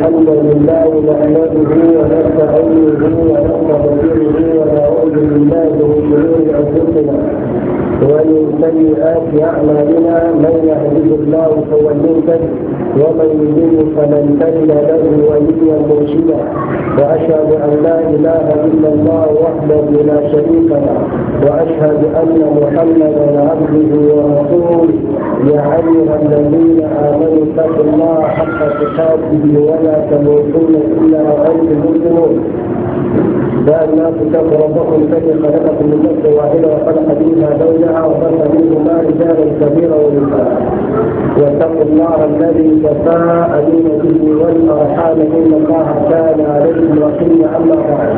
الحمد لله نحمده ونستعينه ونستغفره ونعوذ بالله من شرور انفسنا ومن سيئات أعمالنا من يهده الله فهو المهتد ومن يضل فمن تجد له وليا مرشدا وأشهد أن لا إله إلا الله وحده لا شريك له وأشهد أن محمدا عبده ورسوله يا أيها الذين آمنوا اتقوا الله حق تقاته ولا تموتن إلا وأنتم مسلمون يا الناس اتقوا ربكم الذي خلقكم من نفس واحده وخلق منها زوجها وخلق منهما رجالا كثيرا ونساء واتقوا الله الذي تساءلون به والارحام ان الله كان عليكم رحيما اما بعد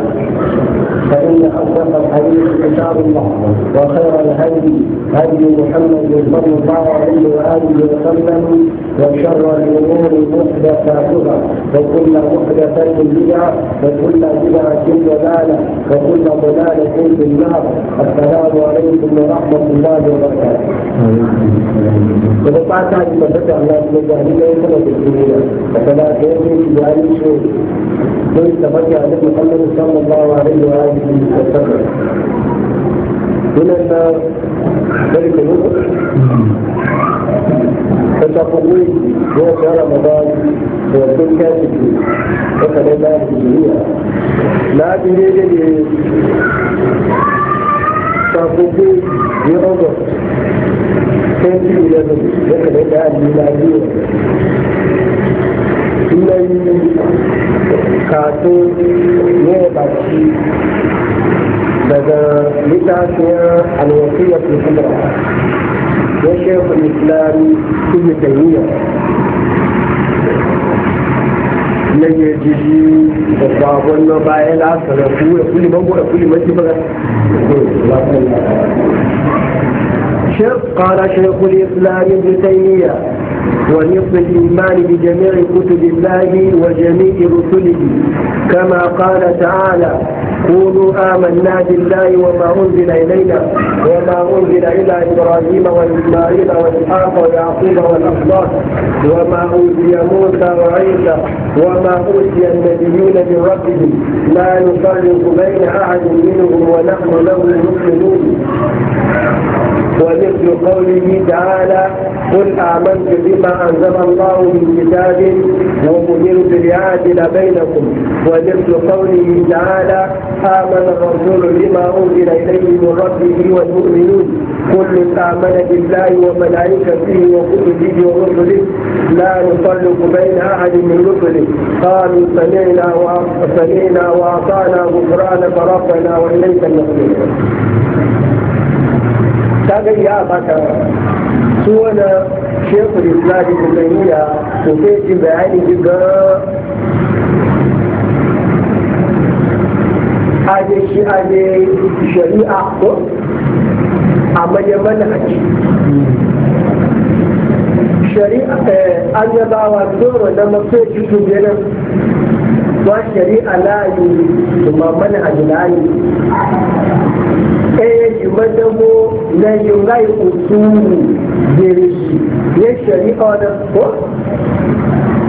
فان اصدق الحديث كتاب الله وخير الهدي هدي محمد صلى الله عليه واله وسلم وشر الامور محدثاتها وكل محدثه بدعه وكل بدعه ضلاله ضلالة وكل ضلالة في النار السلام عليكم ورحمة الله وبركاته. وبعد هذه المدة الله سبحانه وتعالى يسمى بالدنيا وكما كان في شيء ليس رجع محمد صلى الله عليه وآله وسلم. من النار ذلك الوقت hmm. kwanta kwanne ya yi shara ma ba da yankin kashi ke kasa ne na duniya na fi ne da ne sakwai ya ɓaɓa kwanci ne da ya kada ya ɗaya ne na biyu sunayi kato ne ba shi daga litafiyar alwasiyar kusurwa شيخ الإسلام ابن تيمية nan ya ji shi da sabon na ما lasa da kuwa ya شيخ قال شيخ الإسلام ابن تيمية ونصف الإيمان بجميع كتب الله وجميع رسله كما قال تعالى قولوا آمنا بالله وما أنزل إلينا وما أنزل إلى إبراهيم وإسماعيل وإسحاق ويعقوب والأخلاق وما أوتي موسى وعيسى وما أوتي النبيون من ربهم لا نفرق بين أحد منهم ونحن له مسلمون ومثل قوله تعالى قل آمنت بما أنزل الله من كتاب وأمرت لأعدل بينكم ومثل قوله تعالى آمن الرسول بما أنزل إليه من ربه والمؤمنون كل آمن بالله وملائكته وكتبه ورسله لا نفرق بين أحد من رسله قالوا سمعنا وسمعنا وأعطانا غفرانك ربنا وإليك المصير kaga ya baka su wani shekul islam ibn وكيف ko sai ji bayani ga aje shi aje shari'a ko a manyan haji shari'a eh, an wa doro na mafi cikin jirin ba shari'a ma kuma haji layi ɗaya eh, yi madabo na yi rai usuru da ya shari'a da ko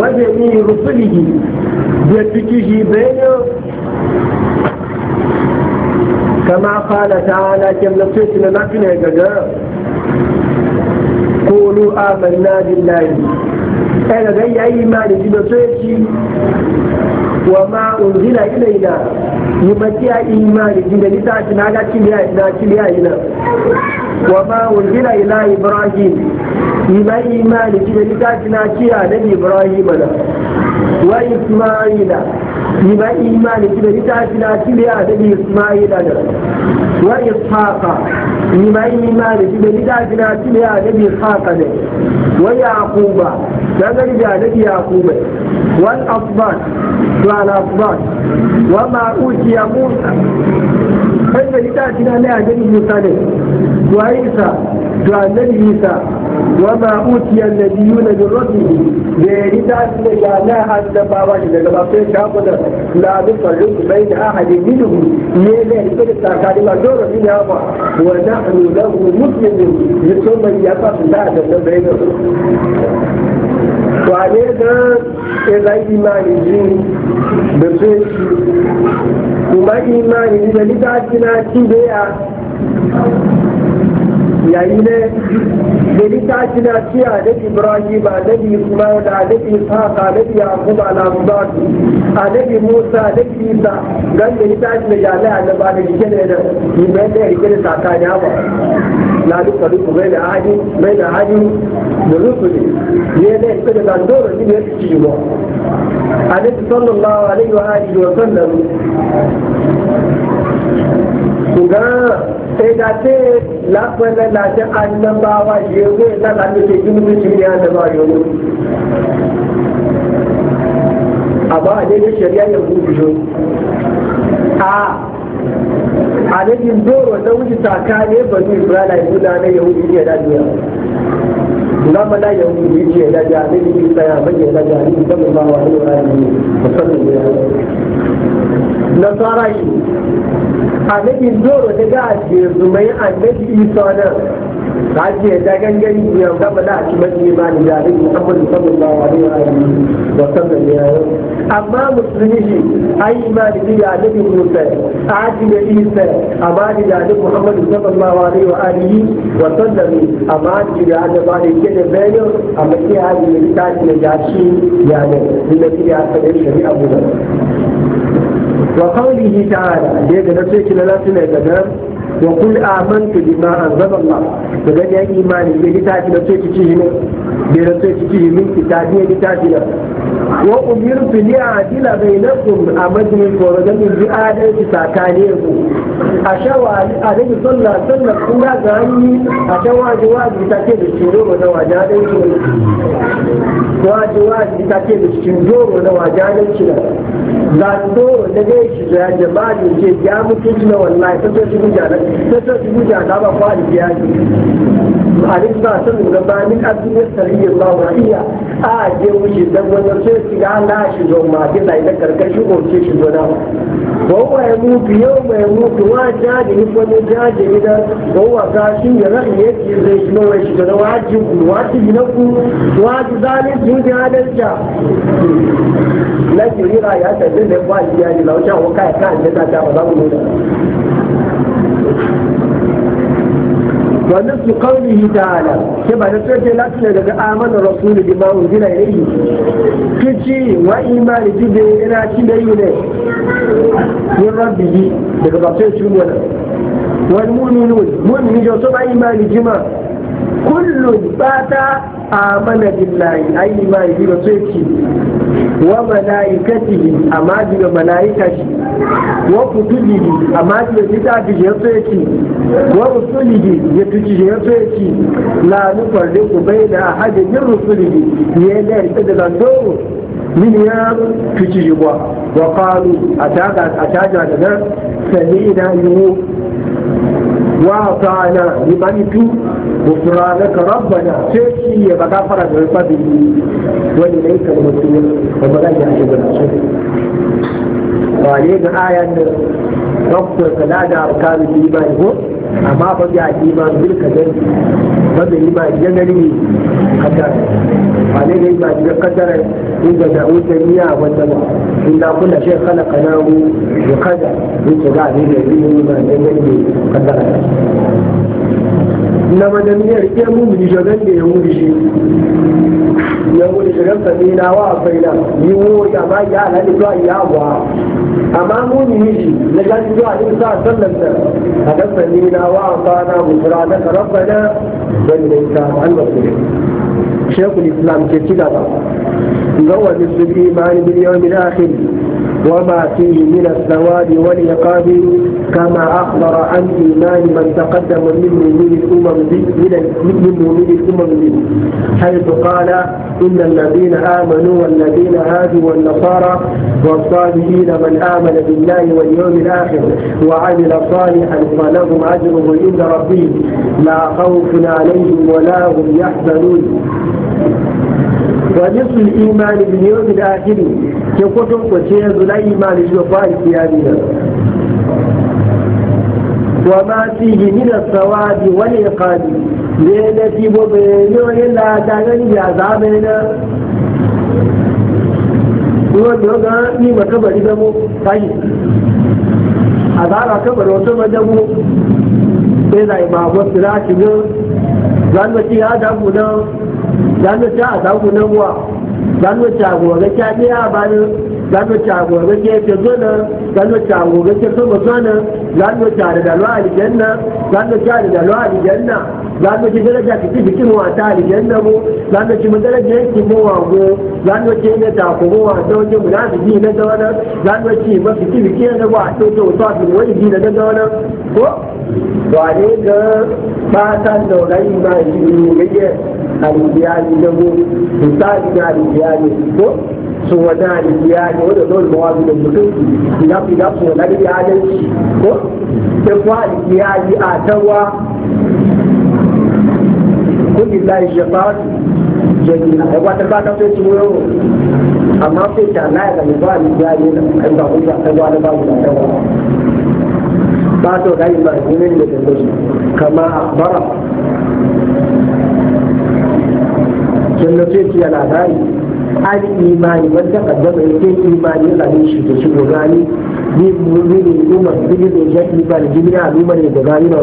waje ni rufulihi da ciki shi bayyo kama kala ta ala kyan na fesu na lafina ya gaga kolu a layi ɗaya ga yayi imani jina fesu wa ma unzila ilayna na ga kin ya ina kin ya ina wa ma unzila ila ibrahim yumai imani din da ita na kiya nabi ibrahim da wa ismaila imani din da ita na kiya nabi wari faka ni mai ni ma ni be ni da ji na ti ya da bi faka ne wai ya kuba da ga ji da ji ya kuba wal afdal wa al afdal wa ma uji ya musa kai be ni da ji na ne a ji musa ne wai isa da ne isa وما أوتي النبيون من ربهم بيريد أن جعلنا النبوة لما في شعبنا لا نفرق بين أحد منهم يلي يقول التعالي ما دور من أبا ونحن له مسلمون لثم يقف لا تنبينه وعليه ده إذا إيمان الدين بسيط وما إيمان إذا لتعجنا كبيرا يعني Gani ta ci na ci a Nabi Ibrahim, a Nabi Ismail, a Nabi Ishaq, a Nabi Yaqub, a Nabi Musa, a Nabi Isa, gan gani ta ci na jami'a a Nabi da rike da yadda, yi mai da rike da ya ba. Na duka duka mai da hadi, mai da hadi, da rufu ne, ne da ya fi da zandora ne da ya ṣùgbọ́n ẹ̀dá da lápẹ́lẹ́ láti anábáwá yẹ̀wé lálàájú tẹ júlùmí ti da anábáwá yẹ̀wé. àbá àdéhùn ṣẹ̀rí àyẹ̀wò ìjọ. a àdéhùn dóòrò tó wúti tàkà ní ìbọ̀dú ìbúrádà ìbúdá ní yẹ̀wò ìdí ẹ̀dá jù yà. لما لا يؤمن به لا جعله سيعمل لا جعله صلى الله ya وآله وسلم nasara yi annabi doro ta ga ake zumai annabi isa nan ta ce ta gangan ya gaba da shi mai imani da annabi muhammad sallallahu alaihi wa sallam ya yi amma musulmi shi ai imani da annabi musa ajiye da isa amma da annabi muhammad sallallahu alaihi wa ne wa sallam amma da da ke da bayan amma ke ajiye da ta da ya ne ya ta shari'a buga wa qawlihi ta'ala da ga nasu yake na lafiya ga dan wa kul amantu bima anzala Allah to ga ya imani da litafi da sai ciki ne da da sai ciki min kitabi da litafi da wa umirtu li adila bainakum amadni ko min bi adalci sakane ku ashawa alaihi sallallahu alaihi wasallam kun ashawa jawabi ta ce da shiro da wajadanci ta ce da da wajadanci da za da gaishe da jama'a ya wallahi ta ce shi da sai su yi da ba kwa da biya ne a duk ba da ba ni sarri ba wa iya a je wuce dan wannan sai su ga na shi zo ma da ina karkashin goce shi zo da ko wa mutu yau mai mutu wa jaji ni ko ni ni da ko wa ga shi ya ran ya ki zai shi nawa shi da wajibi wajibi na ku wajibi zalunci da adalci na kirira ya tafi da ba iya ni lauta ko kai kan da ta ba za mu nuna ونفس قوله تعالى كما نتوجه لكنا لك آمن الرسول بما أنزل إليه كتشي وإيمان جبه إنا كنا يليه من ربه لك رسول شنونا والمؤمنون مؤمن جو إيمان جمع kullum fata amana billahi ayi ma yi ba sai ki wa malaikatihi amma diga malaika shi wa kutubihi amma diga kitabi ya sai ki wa rusulihi ya tuji ya sai ki la bai da ahadin min rusulihi ya da ita da zando min ya tuji ba wa qalu ataka ataja da sani ina yiwu wa ta'ala tu. غفرانك ربنا شيء يبقى فرق عقابه وإليك المصير وبلا يحجب العصر وعليك آية ربك لا دا أركان الإيمان هو أما بقي الإيمان بالكذب بقي الإيمان جنري قدر وعليك الإيمان بالقدر إن دعوت المياه والسماء إلا كل شيء خلقناه بقدر إن تدعي الإيمان جنري قدر na madaniyar ke mun bi shogan da ya wuri shi ya wuri shogan sami na wa akwai na yi wo ya ma ya alhali zuwa ya wa amma mun yi shi na gaji zuwa yin sa sallan nan a ga sami na wa akwai na musura na karabbana zan da ita an ba shekul islam ke ci gaba ga wani su bi ma ni bin yawon bin akhiri وما فيه من الثواب والعقاب كما أخبر عن إيمان من تقدم من مؤمن الأمم من مؤمن الأمم به حيث قال إن الذين آمنوا والذين هادوا والنصارى والصالحين من آمن بالله واليوم الآخر وعمل صالحا فلهم اجره عند ربهم لا خوف عليهم ولا هم يحزنون ونصف الإيمان باليوم الآخر ke kotun kwace yanzu na imani shi ba kiyami nan wa ma da min bi wani ya iqabi ne na fi gobe ne yo yalla da gani ya zabe na ko do ga ni ma kabari da mu kai a zara bari wato ma da mu sai da ba ba sira ki ga zan ci ya damu mu da zan ci a damu mu na wa zanuwa ta gobe ta biya bayan zanu ta gobe ke ke zona zanu ta gobe ke so zona zanu ta da dalwa aljanna zanu ta da dalwa aljanna zanu ci daraja ki bikin wa ta aljanna mu zanu ci daraja ki mu wa go zanu ci ne ta ko wa don ji munafiki na da wani zanu ci ba ki bikin da wa to to to ki wani ji da da wani ko da ba ta da wani ba ji ne ga aljanna ko misali ga aljanna ko sun wada alibiya ne wadda zuwa mawazi da mutum ina fi da su wada alibiya adalci ko ta fa alibiya yi a tawa kudi lai shafar jami'a ya wata ba ta sai ci wurin amma sai ta na ya gani ba alibiya ne da ba ku ba ta gwada ba ku da tawa ba to ga yi ba ne da ta kama akbara jannatu ya ce labari al imani wanda kaddama yake imani ya kare shi da shi gani ni mu'mini umma bi da ya imani jimina al'umma ne da gani ba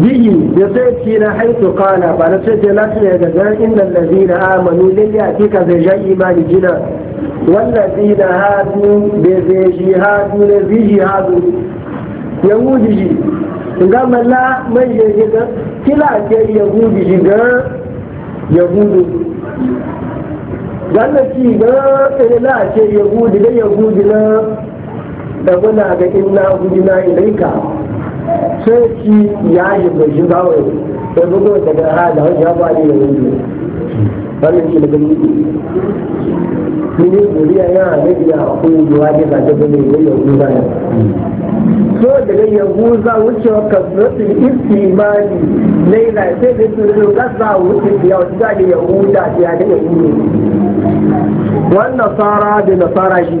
biyu ya sai na haitu kana ba na sai ce lati ne daga inda lazina amanu lil ya kika zai ja imani jina wallazina hadu bai zai shi hadu ne zai shi hadu yahudi nga mala mai yeye ga kila ke yahudi shiga yahudu ganda ci ga ila ke yahudi ga yahudi na da muna ga inna na ilaika sai ci ya yi bai shiga wai sai da daga hada ya ba ni yahudi wannan shi daga yi ne ne guriya ya ne ya ko yuwa ne ga da ne yahudi zo daga yanzu za a wuce wa kasuwarsu da iski mani laila da su zo za a wuce da yau za da yanzu da ya da yanzu ne wannan fara da na fara shi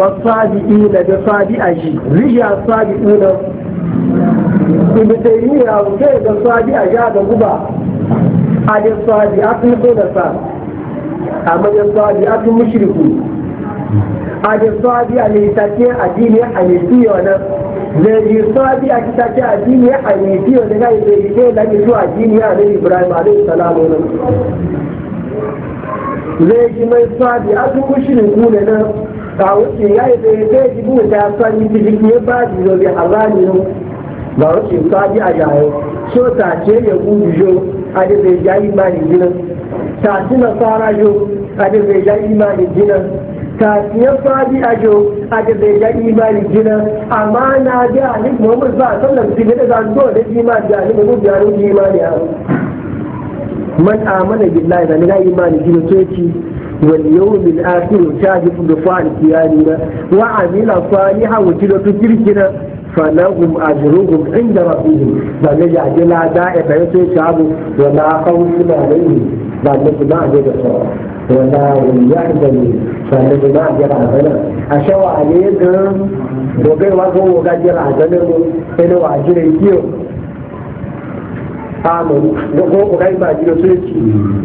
wa sabi ina da sabi a shi rijiya sabi ina imitariya wuce da sabi a ja da guba a da sabi a kuma da sa a majin sabi a kuma shirku a da sabi a littafin addini a nisiyo nan zai yi sabi a littafin addini a nisiyo da zai zai yi da ke zuwa addini a nan ibrahim a salamu nan zai yi mai sabi a su kushirin kuna nan ga wuce ya yi yi zai yi buta sani ta jiki ya ba da zobe a rani nan ga wuce sabi a yayo so ta ce ya gudu jo a da zai jayi mani jinan ta ci nasara jo a da zai jayi mani jinan kafiyar sabi a jo a da bai ga imani jinan amma na ga alif muhammad ba a sallar su ne da zan zo da imani da alif muhammad ya rubi imani a man amana billahi da ga imani gina to yake wani yau min akiru ta ji da fa'al kiyari na wa amila fa'ali ha wuce da su kirkina fanahum ajruhum inda rabbihim ba ga ya ji lada e bayan sai shabu wala khawfun alayhim ba ga su ba ga da sauran wanda ya ga ne sannan ba a jira a zanen a shawa a ne yin ɗin dogaiwa ko woga jira a zanen sai na waje ne kiyo amuru da ko woga ba a jira sun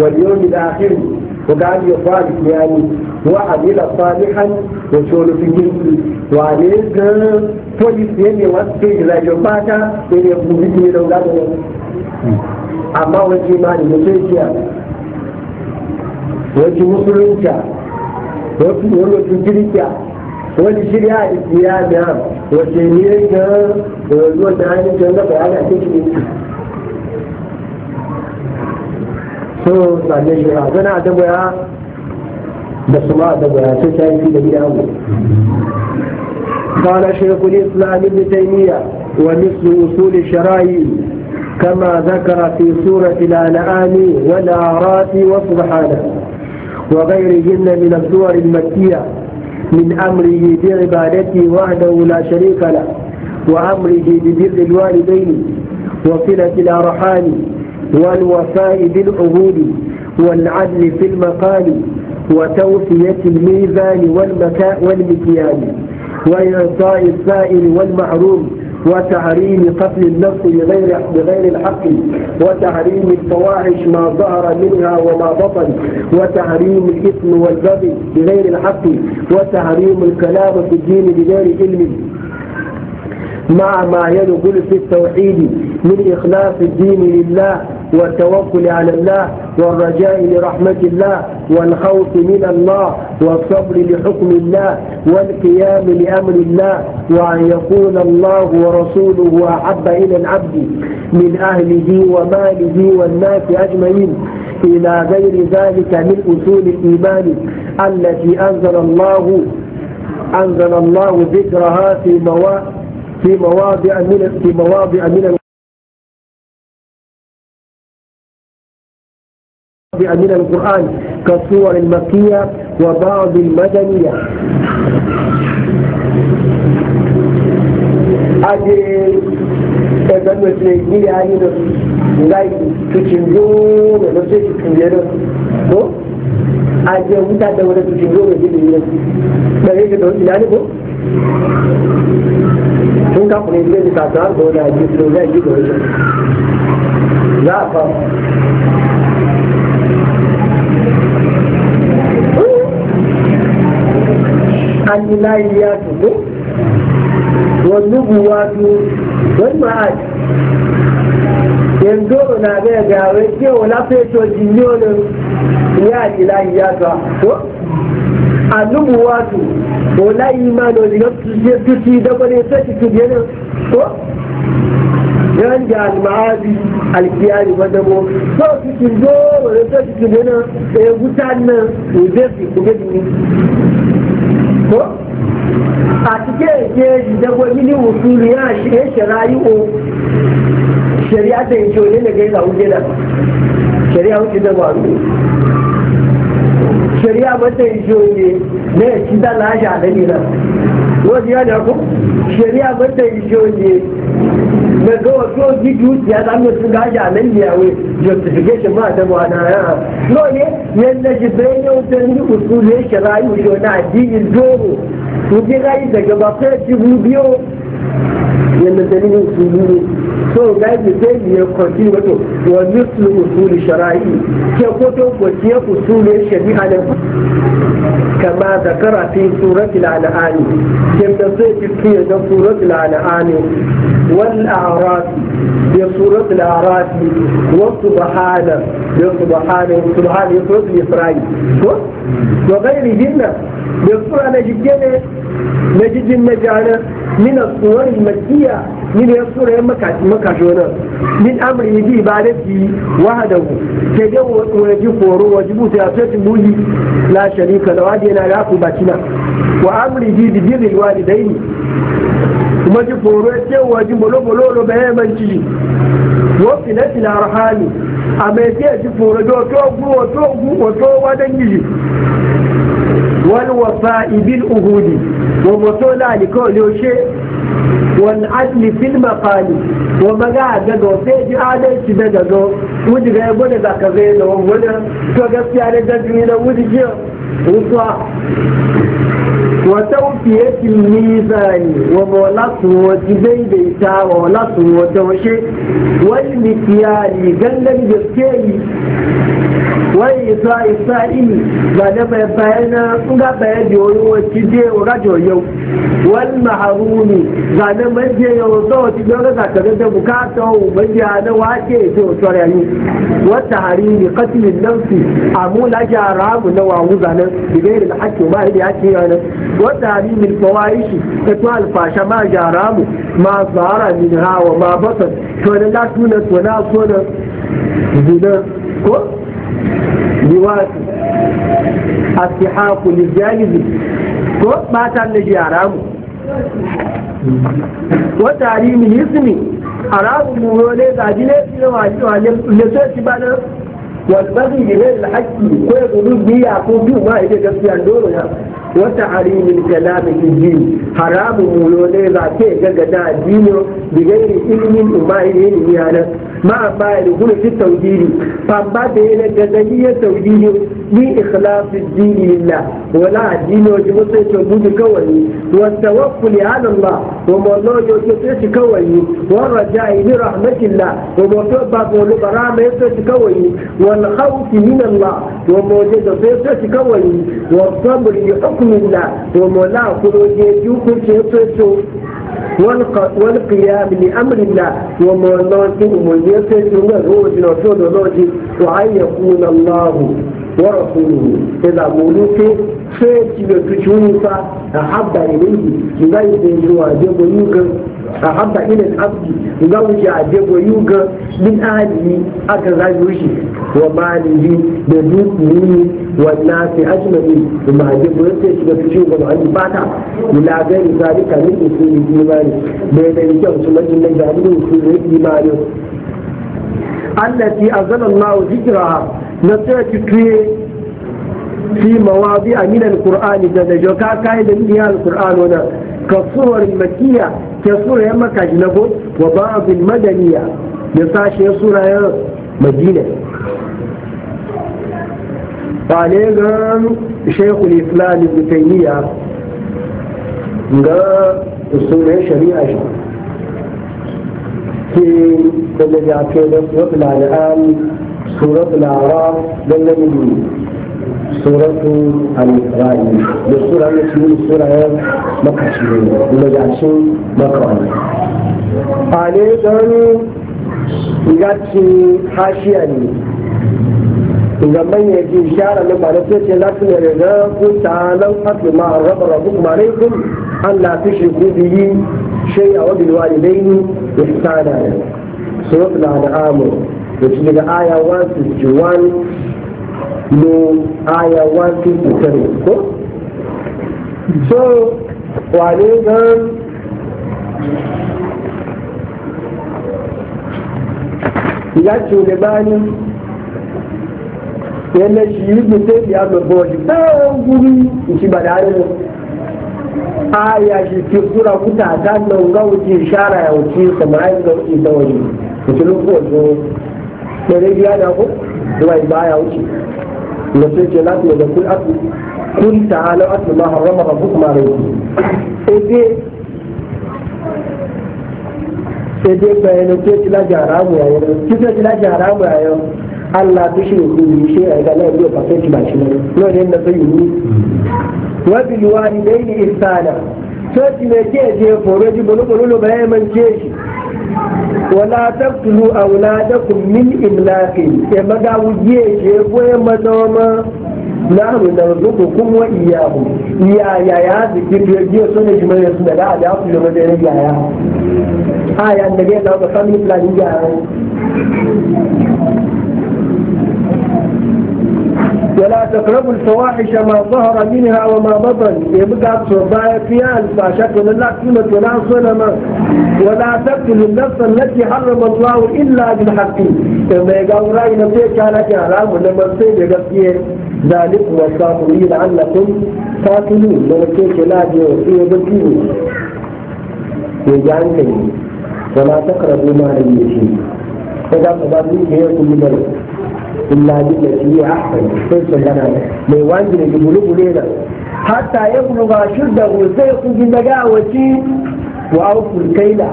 wani yau da akhir woga ya fara kiya ne wa a bila salihan da sholi fi gizi wa ne yin ɗin ne ne wasu ke yi zai fata ne ne kuma biki ne da wuga amma wajen ba ne mutum kiyar wani musulunta wani wani kirkiya wani shirya a ikiya na wace ne ga zuwa ta hanyar can gaba ana cikin so sannan shi a zana da baya da su ma da baya sai ta yi da gida mu قال شيخ الإسلام ابن تيمية ومثل أصول الشرائع كما ذكر في سورة الأنعام والآرات وسبحانه وغيرهن من الصور المكية من أمره بعبادته وحده لا شريك له وأمره ببر الوالدين وصلة الأرحام والوفاء بالعهود والعدل في المقال وتوفية الميزان والمكاء والمكيان وإعطاء السائل والمحروم وتحريم قتل النفس بغير بغير الحق وتحريم الفواحش ما ظهر منها وما بطن وتحريم الإثم والبغي بغير الحق وتحريم الكلام في الدين بغير علم مع ما يدخل في التوحيد من إخلاص الدين لله والتوكل على الله والرجاء لرحمة الله والخوف من الله والصبر لحكم الله والقيام لأمر الله وأن يكون الله ورسوله أحب إلى العبد من أهله وماله والناس أجمعين إلى غير ذلك من أصول الإيمان التي أنزل الله أنزل الله ذكرها في مواقع في مواضع من في مواضع من من القرآن كالصور المكية وبعض المدنية أجل ẹgbẹ́nu ẹ̀sìn ìgbìlẹ̀ ayé lọ láì tuntun yóò rẹ̀ lọ́sẹ̀ tuntun yẹn lọ tó ajẹ́ òkúta dẹ̀wọ̀n tuntun yóò rẹ̀ lé lè yẹ pẹ̀lú ìgbìlẹ̀ ọ̀sìn ìdánilẹ́kọ̀ọ́. tun kafin ne zai ta ko da ji ko ko za fa an yi layi ya tuko wani buwatu wani ma'aji yanzu na bai gawe ke wani feto jinyonin ya ji layi ya tuko annubu wato wala imanu ne ga tuci da bane ta ci tuci ne ko yan ga al-ma'adi al-qiyari wanda mo so tuci do wala ta ci tuci ne e gutan nan uje fi ku ko a cikin ke da wani ne usuli ya shi ya shari'o shari'a da yake ne ga ya zauje da shari'a wuce da shari'a ta yi shoye na ya ci da lashe a dani nan wani yana ku shari'a ta yi shoye na ga wasu ji dukiya ya zama sun gashi a nan ne a wai justification ba ta ba na yana no ne yadda shi bai ne wutar ni ne shari'a yi shoye na addinin doro ku ji rayu daga ba fai ci biyo yadda dalilin usulu ne so ga yi sai ne ya kwanci wato wa mislu usuli shara'i ke koto kwaciye usuli shari'a ne kama zakara fi suratul al'ani kin da zai fi fiye da suratul al'ani wal a'raf ya suratul a'raf wa subhana ya subhana subhana ya suratul isra'i ko wa ghairihinna ya sura na jikene majijin majana min asuwar makiya min ya sura ya maka shona min amri yi ba da fi wahada ku ke ga wani ji koro wa ji buta ya fi yi la sharika da wadi yana rafu ba kina wa amri yi bi dai ne kuma ji koro ya ce wa ji bolo bolo da bayan manci وصلت الأرحام أما يتيجي فورجو توقو وتوقو وتوقو ودنجي والوفاء بالأهود ومطول لكل شيء والعدل في المقال وما قاعد دو سيجي كده شدة دو ودي غير بودا ذاك غير دو ودا تو غسيا لدى دمينا ودي جيو وصوا wata uku ya fi nizani wa bolatu wata daidaita wa bolatu wata washe wai mikiyari gangan da suke yi wai isa isa ini ba da bai bayan na sun ga bayan da wani wata je wa rajo yau wani maharuni ga da manje yau wata wata don raza ka zanta bukata wa manje a na wake ya ce wata rayu wata harini katilin nan su amu lafiya ramu na wawu zanen da gairin hakkin ba ya ce yana وتعليم الفواحش اتوال الفاشا ما جارامو ما ظهر منها وما بطن تونا لا تونا تونا تونا زنا كو liwatu asihaku liljalizi ko batan da yara mu wa tarihi ismi arabu mu ne da dile ne wa ne sai ba wasbani gire lahaki ko ya gudu biya ko biyu ma yake gaskiya doro ya wata harimin kalamin hijji haramu mulo ne ba ke gaga da dino diga yi ilimin umma yi ne ya nan ma amma ya rubuta tauhidi fa ba da yi na gaza ya tauhidi لإخلاص الدين لله ولا الدين وجبت يتوبون كوي والتوكل على الله وما الله يتوبون كوي والرجاء لرحمة الله وما توبة ولبرامة يتوبون كوي والخوف من الله وما وجد يتوبون كوي والصبر لحكم الله وما لا خروج يتوبون يتوبون والقيام لأمر الله وما الله يتوبون يتوبون روجنا وأن يكون الله ورسوله إذا مولوك فيك بتشوفا أحب إليه لغاية يجوا جبوا يوغا أحب إلى العبد لغاية جبوا يوغا من أهله أكذا يوشي وماله بدوكه والناس أجمعين وما جبوا يوغا بتشوفا عن فاتا إلى غير ذلك من أصول الإيمان بين الجوش لكن نجعله أصول الإيمان التي أنزل الله ذكرها نسيت كريه في مواضيع من القرآن إذا جوكا كايدا من القرآن هنا كصور المكية كصورة يما كجنبه وبعض المدنية يساشي صورة مدينة فعليهم شيخ الإسلام ابن تيمية ga usulun shari'a shi ke da da ke da wasu lalani سورة الأعراف لن سورة الإسرائيل سورة المسلمين سورة مكشفين ومجعشين مقرأين عليه قالوا يجعشي حاشيا لما يجي شعر لما نسيت لكن يرغب تعالى قتل ما غضب ربكم عليكم أن لا تشركوا به شيئا وبالوالدين إحسانا سورة الأنعام da shi daga aya 161 no aya 157 ko so wane gan ya ce ne bani yana shi yi mutum ya gbogbo shi tsawon guri shi ba da hannun aya shi ke kura kuta ta nan ga wuce shara ya wuce samari ga wuce ta wuce lokacin ɗaure biya na ku zuwa baya wuce da sai ce lati da kun asu kun ta'ala asu ma harama ba kuma rai ebe dai bayan ce ci la jara mu Ki kisa ci la jara mu yayin Allah ta shi ku yi shi a ga nan yau ba sai ci ba shi ne no ne da sai yi wa bil walidaini ihsana sai ki ne ke je foro ji bulu bulu bayan man ke shi wala taqtulu awladakum min imlaqin e maga wuje je boye madoma nahnu narzuqukum wa iyyahum ya ya ya zikir je so ne jimai su da da ku da madare ya ya aya da ga da ya ولا تقربوا الفواحش ما ظهر منها وما بطن يبقى تصبع فيها الفاشات ولا قيمة ولا صنما ولا تقتلوا النفس التي حرم الله إلا بالحق كما يقال رأي نفسك على كلام ولما نصيب يقفيه ذلك هو الصابرين لعلكم تاكلون لو كيك لا جوفيه بالكيلو يجعل ولا تقربوا ما لم يشيء فقال فقال لي هي كل illa billati ya ahsan sai sun gana mai wani ne gulu gulu da hatta ya da shuddahu sai ku ji daga wace wa aukun kaila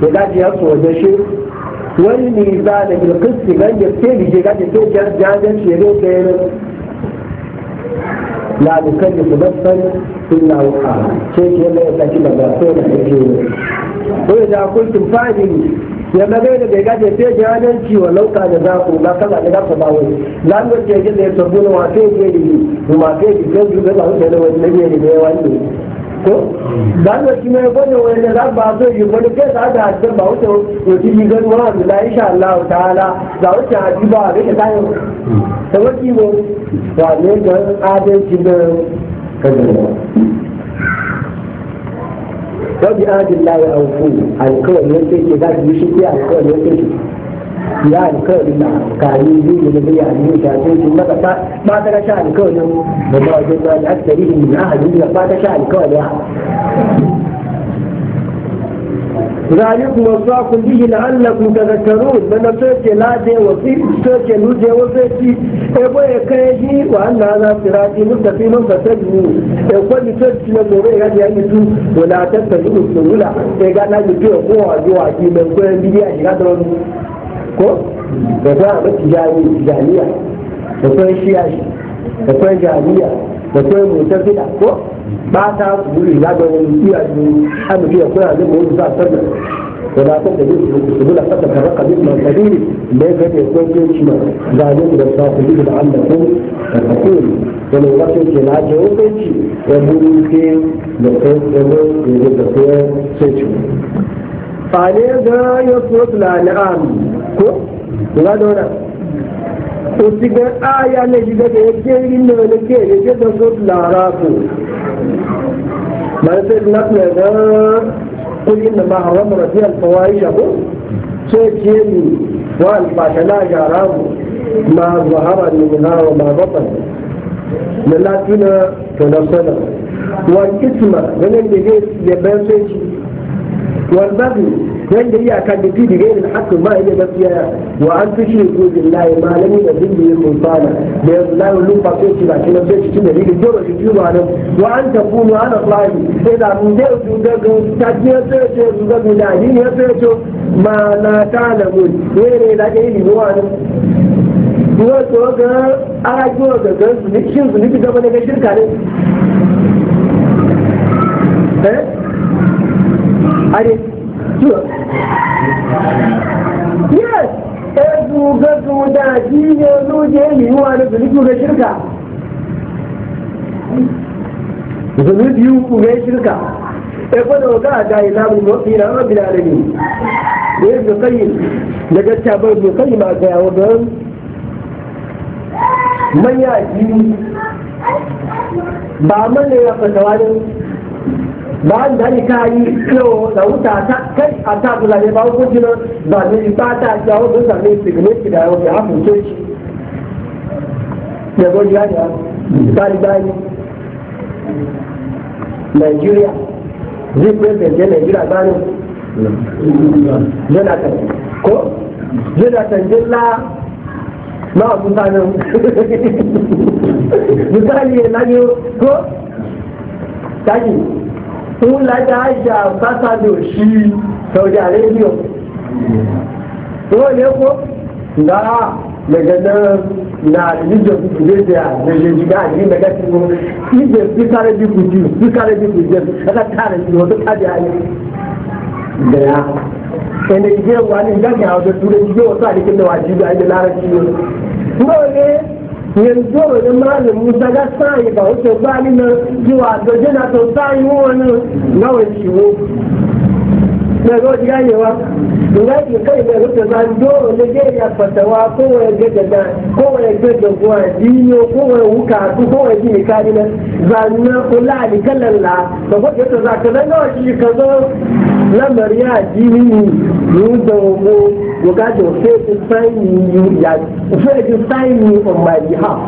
da daji ya so da shi wani ne za da bilkis ga ya ce bi ga ce jar jajan shi ne da yana la nukallifu nafsan illa wusa sai ke ne ya saki daga sai da yake ko da ya magai da bai gaje sai jahanci wa lauka da za ku na kaza da za ku ba wani zan ga ke da ya sabu na wato ya yi kuma ke ji ko da ba su da wani ne ne wani ko zan ga kima ya gode wani da za ba so yi wani ke da da ba ya ci wa da insha Allah ta'ala za wuce haji ba da ta ne ga adalci da wabi adin la ya auku alkawari yake ke za ki yi shi ya alkawari yake ke ya alkawari na kari biyu da biya ne da ce shi maka ba ta ga alkawari da ba wajen da aktsari min ahadin da ba ta sha alkawari ذلكم وصاكم به لعلكم تذكرون من سوك لا دي وصيب سوك نجي وصيب ebo ya kai ji wa Allah za su rafi mutafi mun ba ta biyu ya kwani sarki na gobe ya ji yanki su wala ta tafi usul wula ya ga na kowa zuwa ji mai koyan ko da a mace jami jami'a da kwan shiya da kwan jami'a da ko bata wuri zaɓar wani iya ne an mutu ya kuna zama wani sa sallar wadatar da zai su gula fata ta raka bin man sabiri da ya gaɗe ko ke ci ma zaɓe da sa ku da an da kun da ka kuri wani wasu ke na ce wani kai ci wani wuri ke da kai tsoro da da kai sai ci. Fane ga ku, wasu la'am ko? da wani Osigan aya na da ke rinna ke ya ke da su lara su mai sai na kuma ga kuɗin da ko ce ce ni wa alfata na gara mu ma zahara ne na wa ma bakwai na ganin da والبغي من هي كان في غير الحق ما هي بس بسيا وأن تشركوا بالله ما لم يذل به سلطانا لا يلوم بقيت لكن لم تشركوا به جرى شكيوا عنهم وان تكون انا الله اذا من ذلك يدقوا تجيه سيئة يدقوا دعين يسيئة ما لا تعلمون غير إلى غير وعنهم Iwọ́sọ̀ ọ̀gá arájú ọ̀gá gan-an ṣùgbọ́n ṣùgbọ́n níbi gbọ́mọdé ṣírkà ni. are to yes ezu gazu da jiye luje yiwuwa da zulubi ga shirka zulubi yiwu ga shirka e gwada ga ga ila mu mafi na rabbi da alami da yadda kai da gaskiya bai mu kai ma ga yawo don manya ji ba man ne ya fata wani ba da ni ka yi kyau da wuta ta kai a ta ku zane ba ku jina ba ne ba ta ya wa zane su ne da yau ya hafu ce shi ya ya ń lajà àjà pásádò sí saudi arabia wọ́n lè kó nga mẹgẹdẹ na níjọ kùtùbẹ dẹ a mẹgẹ jìgá àti mẹgẹ tí mo níjọ síkárẹ bí kùtù síkárẹ bí kùtù ẹka káàrẹ bí wọn tó káàdì ayé gbẹ̀yà ẹnì ìgbé wa ni nga gbẹ̀yà ọ̀dọ̀ tó lè jíjẹ́ wọ́n tó àdékẹ́tẹ̀ yanzu da malam musa ga sai ba wato ba ni nan zuwa da jana to sai wannan gawan shi mai rodi yayewa ina ke kai mai rufe zan doro na je ya fatawa kowaye gada da kowaye gada guwa diyo kowaye wuka su kowaye gini kari na zanna kula ni kallon la ba ko yadda za ka zanga wa shi ka zo lamari ya ji ni ni da wo wo ga da fe ti sign you ya fe ti sign you on ha. behalf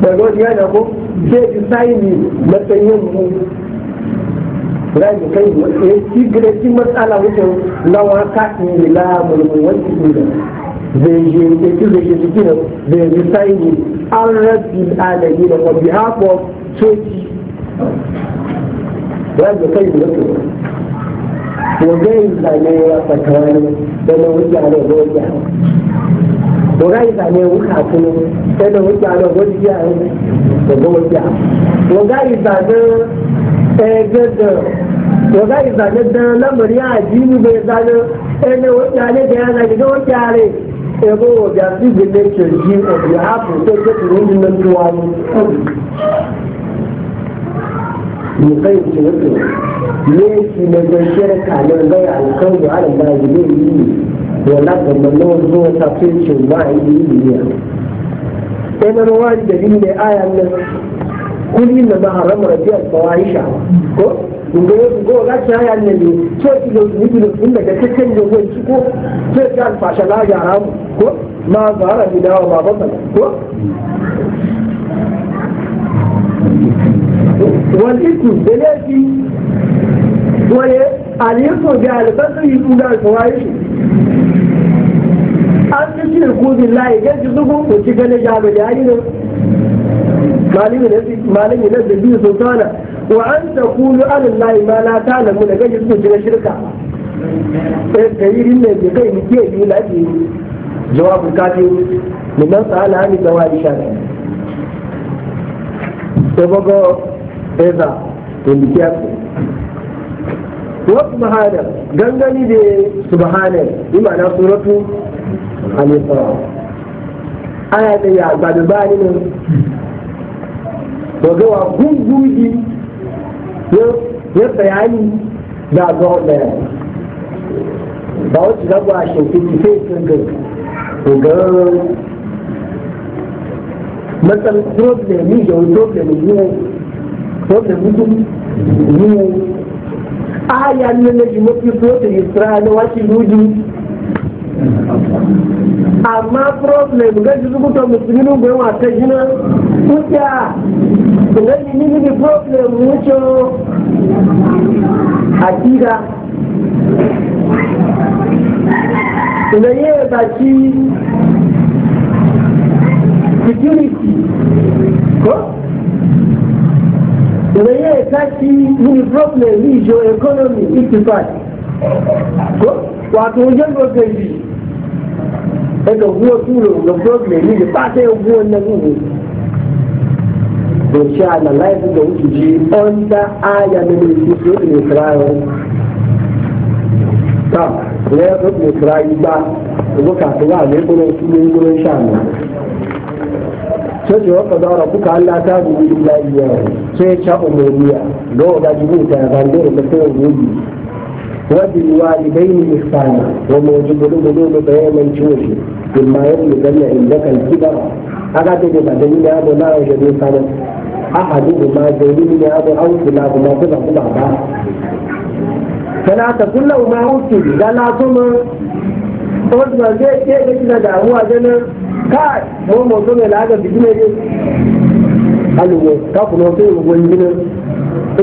da rodi yana ko fe ti sign you matsayin mu rage kai ya ci girki matsala wucin na waka ne la mulmulwar ciki da zai je ya ci zai je ciki da zai ji sai ne an rabbi alami da ko behalf kai da wucin zai zane ya fatawani da na wuce a da wuce wọ́n yi zàmì ewu kàkúnú ẹnna wọ́n ti àná da wuce di àná ọ̀gbọ́n wọ́n ko àná yi yìí zàmì wọ́gá ìzàlẹ̀ dán lámọ̀rí àjíní bẹ́ẹ̀ dáná ẹni wọ́n yálé bẹ́ẹ̀ láyé ní wọ́n yálé ẹgbẹ́ wọ̀bí àti ìgbìmọ̀ bi yìí ọ̀bí ààbò tó tó tó ní lọ́jọ́ wa ní. nufai ciniki ne shi ne zai shirka ne zai alkan da ala da yi ne yi wa lafa mana zuwa ta fi cin ma yi yi duniya eh, ɗanar wani ne aya ne kuli na maharamar biyar fawaisha ko ga yau go ga ci haya ne ne ki da ni kakan da ci ko ka la ya ramu ko ma zara bi dawo ma ba ko wal da laifi alifu bi albasri an ko billahi ga ji zugo ko ci gane ya ga yayi ne malimi ne malimi ne da biyu sultana wa an ta kulu alin layi ma na ta alamu da gaji suke shirka sai eh, ka yi rinne da kai ni ke yi lafi jawabin kafin mu nan sa ala hami gawa isha ne sai bago eza eh, to ni ke wa subhana gangani da subhana imana suratu al-isra aya da ya gbadu bani ne wa gawa gunguji ya bayani da zuwa bayani ba wacce zagwa a shekuru sai sun ga مثلا بروبلم يجي والبروبلم يجي بروبلم يجي يجي آه يعني نجي مطي بروت يسرى نواشي يجي أما بروبلم قد Bùgẹ́ mi ní níbi pírọ́blẹ̀mù ń ṣe àtìgá. Ìlẹ̀yẹ ẹ̀bà ti security kọ́. Ìlẹ̀yẹ ẹ̀ka ti níbi pírọ́blẹ̀mù ìjọ economy ìtìfàd kọ́. Wàtò ojú ọgbọ̀gbẹ̀ yìí. Ẹ̀dọ̀ gbọ́ túrò lọ́gbọ̀gbẹ̀ yìí pàṣẹ ogun ọ̀nà gbogbo. doce a lalai da wuce ji onda aya na mai fi su ne kirayen ta ne ya fi kirayi ba zuwa kasuwa a mai kuma su ne sha na sai ce wata daura kuka Allah ta bugu illa iya sai ya umuriya ga wada jibu ta ya zande da ta kai wuri وبالوالدين إحسانا وما يجبون بلوغ بيانا جوش مما يبلغن عندك الكبر هذا تجد أدلين na لا يوجد إنسانا ahadu bi ma jayyid bi hada aw ila bi ma kaza bi hada kana ta kullu ma uti bi la la sum tod ma de ke de da huwa jana ka mo mo to ne la ga bi ne ji alu wo ka ko no to wo go ni ne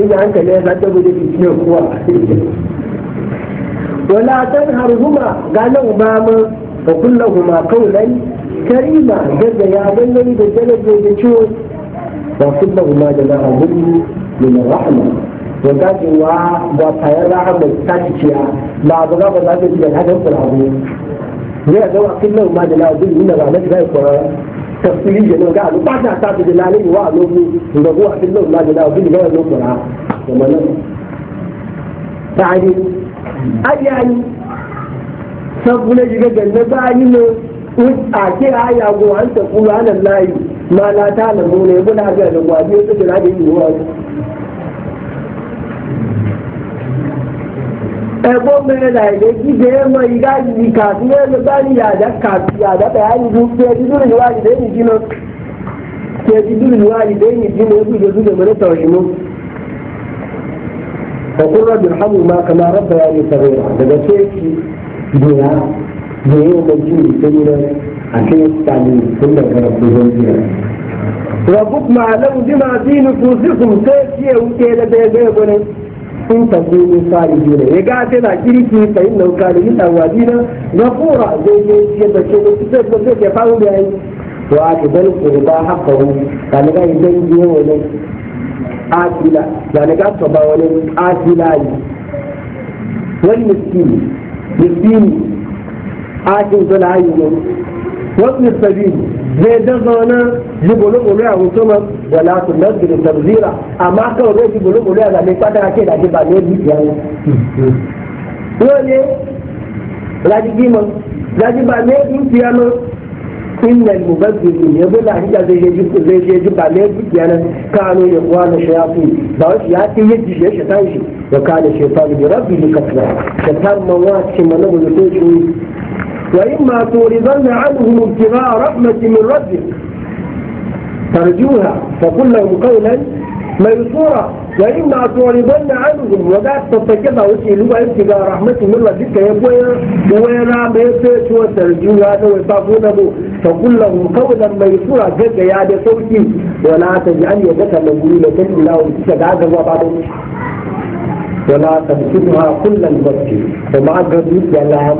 in ya anka ne za ta go de ki ne kuwa wala tan har huma ga na u ma ma ko kullu huma kaulai karima gaza ya dalili da dalilin ciwo وقل لهما جناح الذل ba الرحمة وقال جوا وطير رحمة تاتيا لا بغى بغى بغى هذا هو العظيم ليه دوا قل لهما جناح الذل من الرحمة لا يقرأ tafsiri je nan ga ba ta tafi da lalai wa a lobu da zuwa cikin lobu na jana bin gaya lobu na da manan ta hadi ayyani sabu na jiga ganna ba yi ne a ke aya go an ta kula layi ma na ta lamu ne muna ga da gwaje su da da yi wa ẹgbọ́n mẹ́rin nàìjíríà jíjẹ ẹmọ ìgá yìí kàtí ẹnu bá ní yàdá kàtí yàdá bẹ̀rẹ̀ àyíjú na, ẹbí dúró níwájú lẹ́yìn jìnnà tí ẹbí dúró níwájú lẹ́yìn jìnnà ó dúró dúró mẹ́rin tọ̀ ìmú. ọ̀kúnrọ̀ bìrìhàmù máa kàmá rẹ̀ bẹ̀rẹ̀ àyè sọ̀rọ̀ ìgbẹ̀gbẹ̀ tó èkì gbìyànjú. da yi wa mutum da ke nuna a cikin tsanin tun da kara kusan siya. Rabuk ma'alam ji ma fi ni kusurkun sai fiye wuce da bai bai gani sun tafi ne sa'i jina ya ga na kirki ta yi nauka da yi ɗan wadi na na fura zai yi fiye da ke wuce sai kuma sai ke faru da yi. To a ke bani kurba haka hu ɗaliban idan yi wa ne asila ka ba wani asila ne. Wani miskini miskini حاكم ده العين وابن السبيل زي ده غانا جيبوا لهم ولا عوصمة ولا تنزل التبذيرة أما كانوا ليه جيبوا لهم ولا يعني. لا ميكاتا كي لا جيبا ليه بيك يعني وليه لا جيبا لا جيبا ليه بيك يعني إن المبذلين يقول لها هي زي جيبا ليه بيك يعني كانوا يقوان شياطين بقى شياطين يجي شيء شيطان وكان الشيطان بربي لكثرة شيطان مواد شمال ابو يطوشوي وإما تورضن عنهم ابتغاء رحمة من ربك ترجوها فقل لهم قولا ميسورا وإما تعرضن عنهم وذاك تتكبع لو ابتغاء رحمة من ربك يبويا بوينا بيسيت وترجوها ويطافون به فقل لهم قولا ميسورا جد يا بصوتي ولا تجعل يدك لك إلا وتشد هذا وبعده ولا تمسكها كل الوقت ومع الجديد يا الله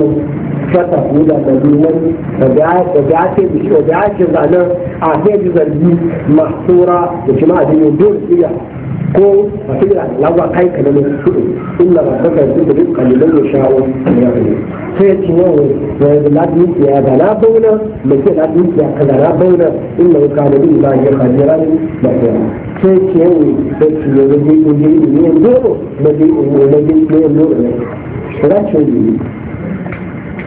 فتح ولا مدينة فجاءت فجاءت وجاءت زعنا عهد زلمي محصورة وجماعة من دون فيها قول فكل لا وقاي كنا نسوي إلا ربك يزيد رزقا لمن يشاء ويعطي فيتنو وهذا لا دنيس يا بنا بونا مثل لا دنيس يا كذا بونا إلا وقال لي ما هي خزيرا بعيرا فيتنو بس يوجي يوجي يوجي يوجي يوجي يوجي يوجي يوجي يوجي يوجي يوجي يوجي يوجي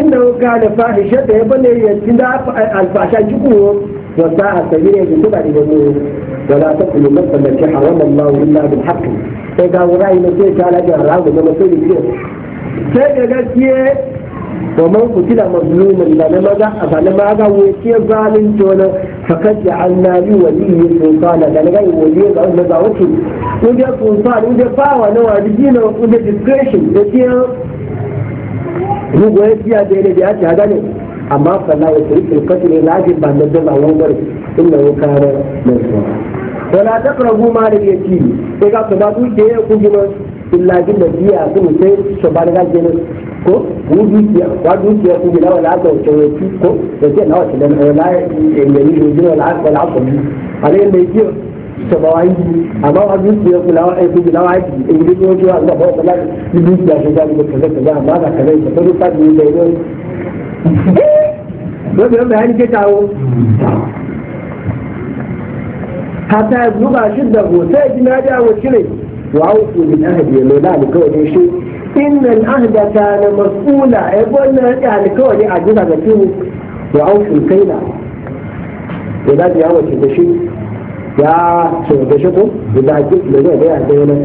inda ka gane fahishe da ya bane ya ci da alfasha kiko wa sa a ne ya kuda da mu wa la taqulu da ke harama Allah illa bil haqq sai ga wurai na sai ta lafiya rago da masoli ce sai ga gaskiye wa man kutila mazlumin da na maza a ba na maza ke zalin tona fakat da an na yi waliyi sultana da na gani waliyi ga wanda za wace inda sultana inda fawa na ɗin inda discretion da ke ni goye siya da yake ya ci hada ne amma falla ya turi filkatu ne lajin ba na dala wangar inda ya kare mai suwa wala ta karabu ma da ya ci sai ka su ba dukiya ya ku gina illa jin da biya sun sai su ba da ko ku dukiya wa dukiya ku gina wala ta wuce ya ci ko da ce na da yi da jina wala sọ̀bọ̀wáyé àmọ́ wọn bí ìpè ọkùnrin àwọn ẹgbẹ́ ìgbìlá wa ti èyí tó ń jẹ́ àgbà fún ọ̀pọ̀lá níbi ìgbà ṣe jáde lọ kẹlẹ́ kẹlẹ́ àmọ́ àgbà kẹlẹ́ ìgbà tó ń pàdé ilẹ̀ ilẹ̀ lọ́bẹ̀ lọ́bẹ̀ á ní kéta o. Hata ẹ̀bùrú bá ṣì dàgbò sẹ́yìn tí náà dáwọ̀ sílẹ̀ wàá ó fún mi náà dìé lọ láàrín kọ́ ọ̀dẹ́ ṣe. Inna al-ahda kana mas'ula ẹ̀gbọ́n náà ní àlìkọ́ ọ̀dẹ́ àdúrà gàtí mu wàá ó fún kẹ́yìn náà. Ìdájọ́ àwọn ṣètò ṣe ya shoga shi ko da ake da zai ga yadda yana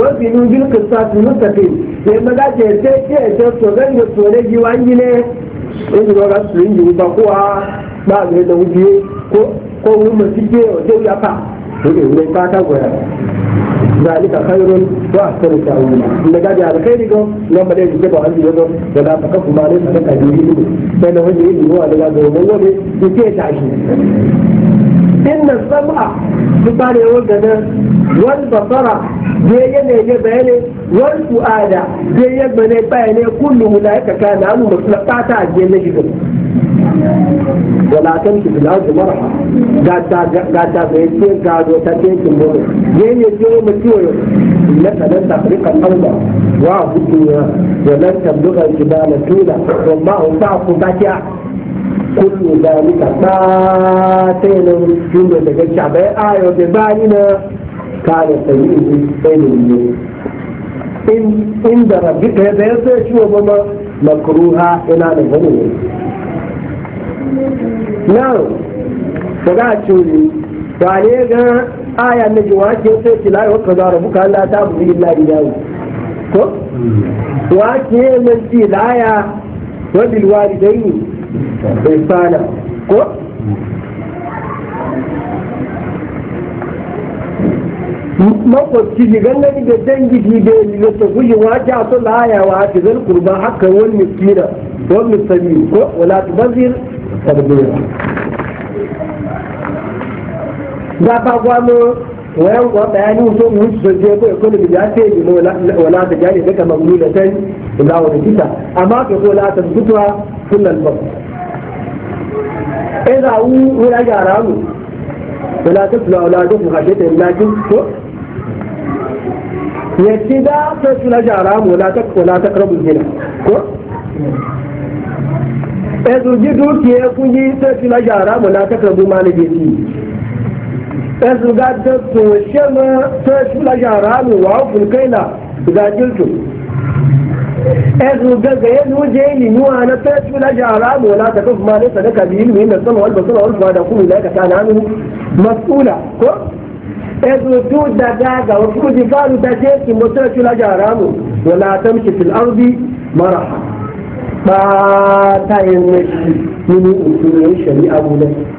wani nu bil qisas mustaqim sai maga ce sai ce ce to zan ga to ne giwangi ne in ga su yin ji ba kuwa ba ga da wuce ko ko mun mutike da ya fa to ne ne fata goya ذلك ba واحسن تاويلا ان قال يا خير يقول لما ليس جبا عندي يقول ولا تقف ما ليس لك دليل بين وجهه هو اللي قال هو يسيت عشان inna sam'a su fara yawon ganin wal basara je ya ne ya bayane wal fu'ada je ya bane bayane kullu la ka kana amu maslafa ta je ne shi wala kan ki bil ardi marha ga ta ga ta bai ce ga do ta ce kin bo ne je mu ciwo na kadan ta rika alba wa hudu ya wa lan tabduga al-jibala tula wa ma usafu takia kullu zalika batainin da daga a yau da bani na kare sahihi sai da ne inda rabbi ka da ya sai ciwo ba ma makruha ina da gani ne ba now daga ciwo ba ne ga aya na jiwa ke sai ki yau ka zara buka Allah ta bu illa billahi ko wa ke nan ji laya wa bil walidaini risala ko makwabci shi gangani da dangi shi da lissa kushi wa ta so wa ta zan kurba haka wani miskina wani misali ko wala ta bazir tarbiyya za ta gwano wayan kuwa bayani so mu wuce sun je ko da ya ce yi wala ta jani daga mamuni da tan ila wani kita amma ka ko la ta zutuwa sunan ba. ina wu wuya gyara mu ina ta fi laula ta fuka ta ina ki ko ya ci da ta fi gyara mu ina ta kula ta karbu gina ko ezu ji dukiye ku yi ina ta karbu ma ne gini ezu ga ta to shema ezu gaga ya zuje ni nuwa na tafi la jara mu la ta sadaka bi ilmi sama wal basara wal fada kullu la ka ko ezu tu da gaga wa ku ji faru da je ki mutara tu la jara mu wala tamshi fil ardi maraha ba ta yin ne ni usulun shari'a ne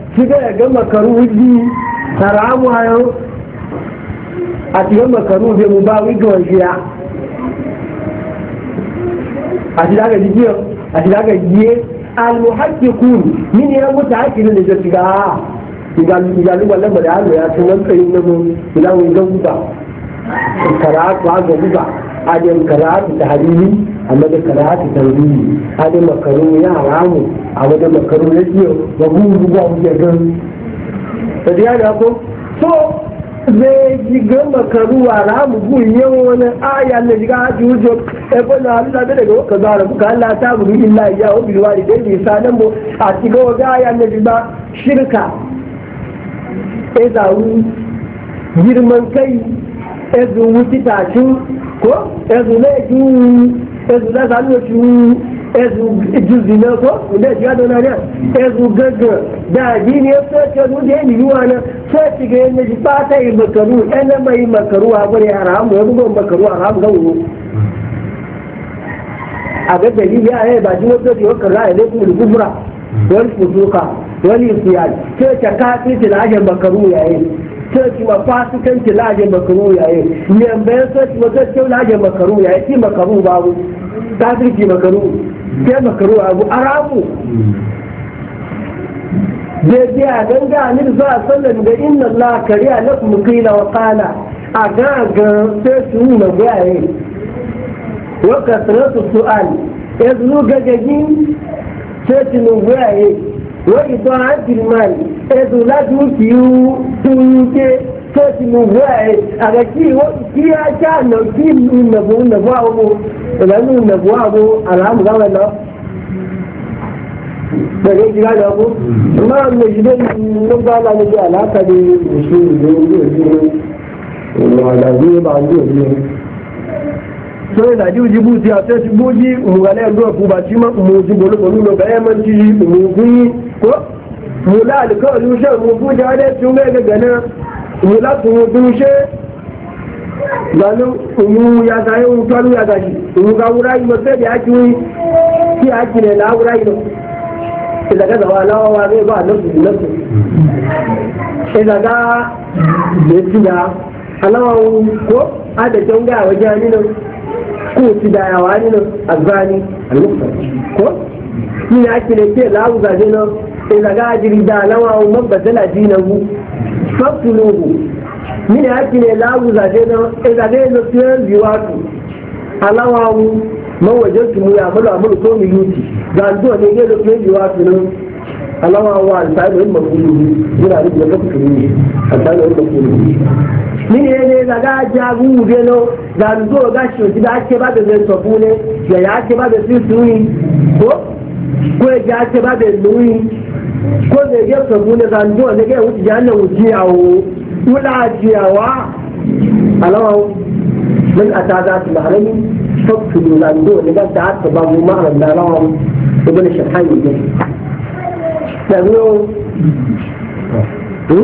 shiga ya ga makaru wujji haramu hayo a shiga makaru bai mu ba wujji wa shiya a shiga ga jijiyar a shiga ga jiye almuhakkikun min ya mutu hakkin da ya shiga shiga lubar lamar da hannu ya sun wantsayin na mu ilawun gan guba karatu ga guba a jan karatu ta halili amma da karatu tawili hada makaru ya haramu a wada makaru ya ciyo ba gudu ba wuce gan ta da yana ko so zai ji makaru a wani aya na e daga zara ta illa ya da dai bai sanan mu a shiga waga aya shirka e girman kai ezu wuci tashin ko e ẹ̀sùn lẹ́sà ló ti wú ẹ̀sùn ìjùzì náà kọ́ ìdá ìjádọ́ náà náà ẹ̀sùn gẹ́gẹ́ dàbí ni ẹ̀sùn ẹ̀sùn ọdún dé ìlú wa náà fẹ́ẹ̀tì gẹ́gẹ́ méjì pátá ìmọ̀kàrú ẹ̀nẹ́mọ̀ ìmọ̀kàrú àgbọ̀rẹ̀ àràmù ẹ̀dúgbò ìmọ̀kàrú àràmù gáwòrò àgbẹ̀tẹ̀ yìí yá ẹ̀ bàjú ó tó ti ó kàrá ẹ̀ lẹ́kùn olùkúbúrà wọ́n fòtó ka wọ́n ní ìfìyà tí ó ṣàkáàtì ìtìlá àjẹmọ̀kàrú yà sai ma fasikanci laje makaru yaye yambayin sai ma zaccen laje makaru yaye ki makaru babu kafirci makaru ke makaru abu arabu daidai a ganga a nil zuwa sallan da inna Allah kariya na kuma wa kala a ganga sai su yi na gwaye wa kasaratu su'al ya zuru gagagi sai su yi na gwaye wọ́n ìtọ́ àjìrìmáì ẹ̀dùn láti ń fi túnúké tó ti mú wọ́ ẹ̀ àgàtí kí á já nà kí nàbó nàbó àwọ̀ ìlànà nàbó àwọ̀ àlàmùgáwẹ̀ lọ. Bẹ̀rẹ̀ ìjìlá lọ kú. Máa ń lèṣi lé ló bá lálejò àlàkàdé ìṣòro ìlú ìlú ìlú ìlú ìlú ìlú ìlú so yana ji ujibu ti a sai shi buji mugale ndo ku ba shi ma mu bolo bolo no ga yaman ji mu ko mu la alka lu she mu ku ja da tun ga ga na mu la tu mu du she lalu mu ya ga yau to lu ya ga ji mu ga wura yi se bi yaki yi ki aki ne na wura yi no ila e, ga zawa lawa wa zai ba nasu nasu ila e, ga ne tiya alawa ko a da tun ga wajen ni nan ko ci da yawa ne azani al-muqtar ko ni ya ke ne ke lawu zaje nan in daga ajiri da lawa wa mabadala dinahu fatuluhu ni ya ke ne lawu zaje nan in daga ne tiyan biwatu alawa mu mawajen tumu ya mulu amulu ko mi yuti zanto ne ke da tiyan biwatu nan alawa wa al-sa'idu al-mafulu yana da kuma kuma ne al-sa'idu al-mafulu mini ne da ga ja gu be no da zo ga shi da ake ba da zai tabu ne ya ya ake ba da sisuri ko ko ya e ake ba da nuri ko da ya tabu da zo ne ga ne jahannan wuce awo wula jiyawa alawo من أتى ذات الحرم فاقتلوا الأندو اللي قد تعبت بعض المعرض ده لهم ابن الشرحين ده.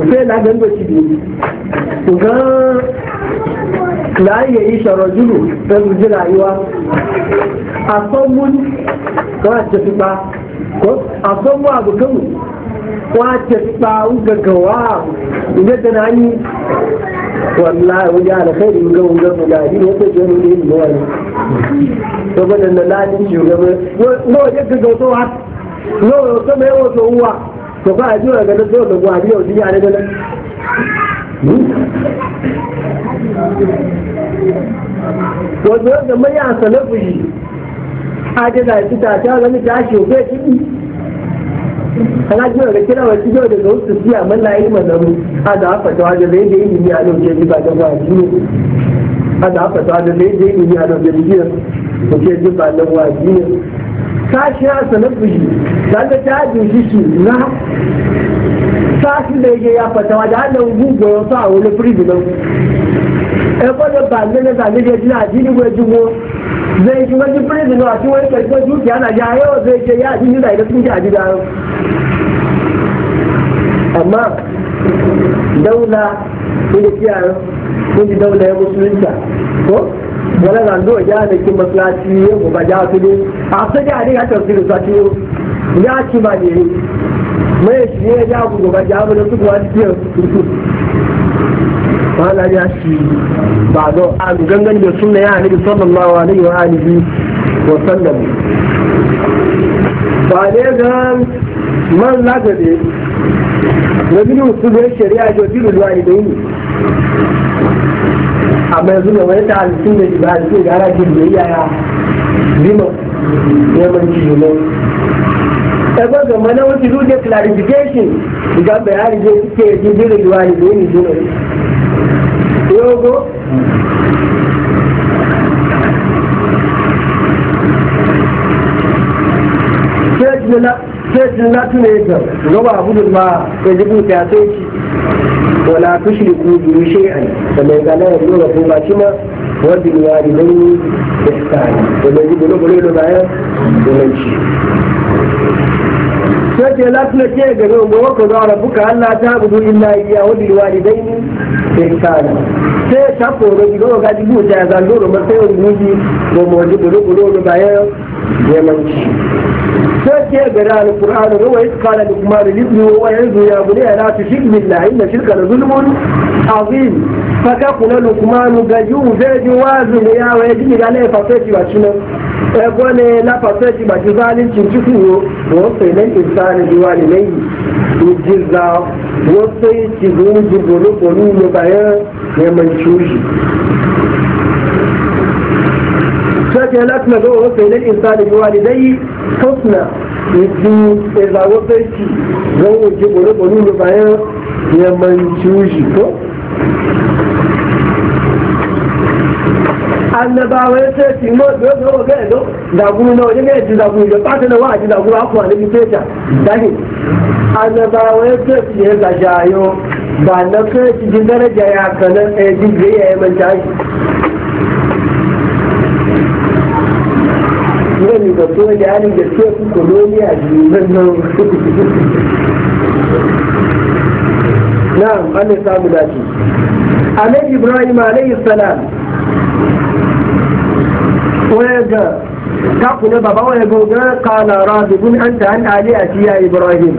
òfé lágbègbè ti di nǹkan láàyè ìṣòro jùlọ pẹ̀lú jìlá yíwá àfọ́múni wọ́n àti fipá àfọ́mú àbùkẹ́wù wọ́n àti fipá gẹ̀gẹ̀ wá ìgbẹ́ tẹ̀lé ayé wallahi wani alkhairi ga wanda mu da ni wato je mu yin mu wani saboda na ladin shugaba no je ga goto no to me wato uwa to fa a jiwa ganin zuwa da gwari yau jiya ne ganin hmm? wato yadda mai a salafu shi a ji da shi ta ta zama ta shi kana jiwa ga kira wa siya yi mazaru a da haka ta wajen da yi ne a lokacin ji ba da gwari ne a da haka ta wajen da yi a lokacin ji ba da gwari sashi ya sanatu shi zanda ta jinshi shi na sashi da yake ya fata wa da hannun gugu ya sa wani firibinan ẹgbọ́n ló bà nínú tàbí ṣe ne náà jíjí wọ́n ju wọn zai ji wani a àti wọ́n kẹ̀ tó dúkìá náà ya yóò zai ṣe ya àti nígbà ìdọ́tún jẹ́ àdídá amma daula ko da kiyar ko da daula ya musulunta ko wani rando ya da kin masallaci ya goba ya tudu a sai ya dinga tafsiri sa ciwo ya ci ba ne mai shi ne ya ku ba ya mu da su kuwa cikin wala ya shi ba do a gangan da sunna ya nabi sallallahu alaihi wa alihi wa sallam ba ne ga man lagabe na biyu su ne shari'a jodilu da ne amma yanzu da wani ta halittun da ba halittun da ana jin da iyaya rima neman cijinan ɗaga ga mana wani zuwa da clarification daga bayani zai suke yi jirgin da yiwa ne zai ne zai yogo sai jina latin ne ya gaba abu da ma ya jibu ta sai shi ولا تشركوا به شيئا فما قال لا يقول في باشما وبالوالدين إحسانا وما يجب له بلوه معاه ومن شيء sai la suna ce ga ga wa ka za rabbuka Allah ta budu illa iya wa bil walidaini ihsana sai ta koro ga ga dibu ta za loro ma sai wani ji go mo ji bulu bulu da baya ya manci sai ce ga da alquran ga wa qala luqman li ibni wa yanzu ya bani la tushrik billahi inna shirka la zulmun azim fa ka kula luqman ga ju zai ji wazi ya wa ya ji ga le fa sai ci wa cinan ẹgbọ́n na lápapọ̀ ti gbàjú bá ní tuntun fún wo wọ́n pè ní ìsáni ìwà nìlẹ́yìn ìjìzà wọ́n pè ti gbòó ju bòlóbòlú ló bá annabawa ya ce ci mo da yau ga yanzu daguru na wajen ya ji daguru da fata na wa'aji daguru akuwa ne bi feta dahi annabawa ya ce ci ya ga shayo na kai ci daraja ya kanan ɗaya eh, jirgin ya yi manta shi zan da so da yanin da ce nan na'am samu dace ibrahim alayhi salam ga ta kula ba bawa ya kala rabibun an ta an a ibrahim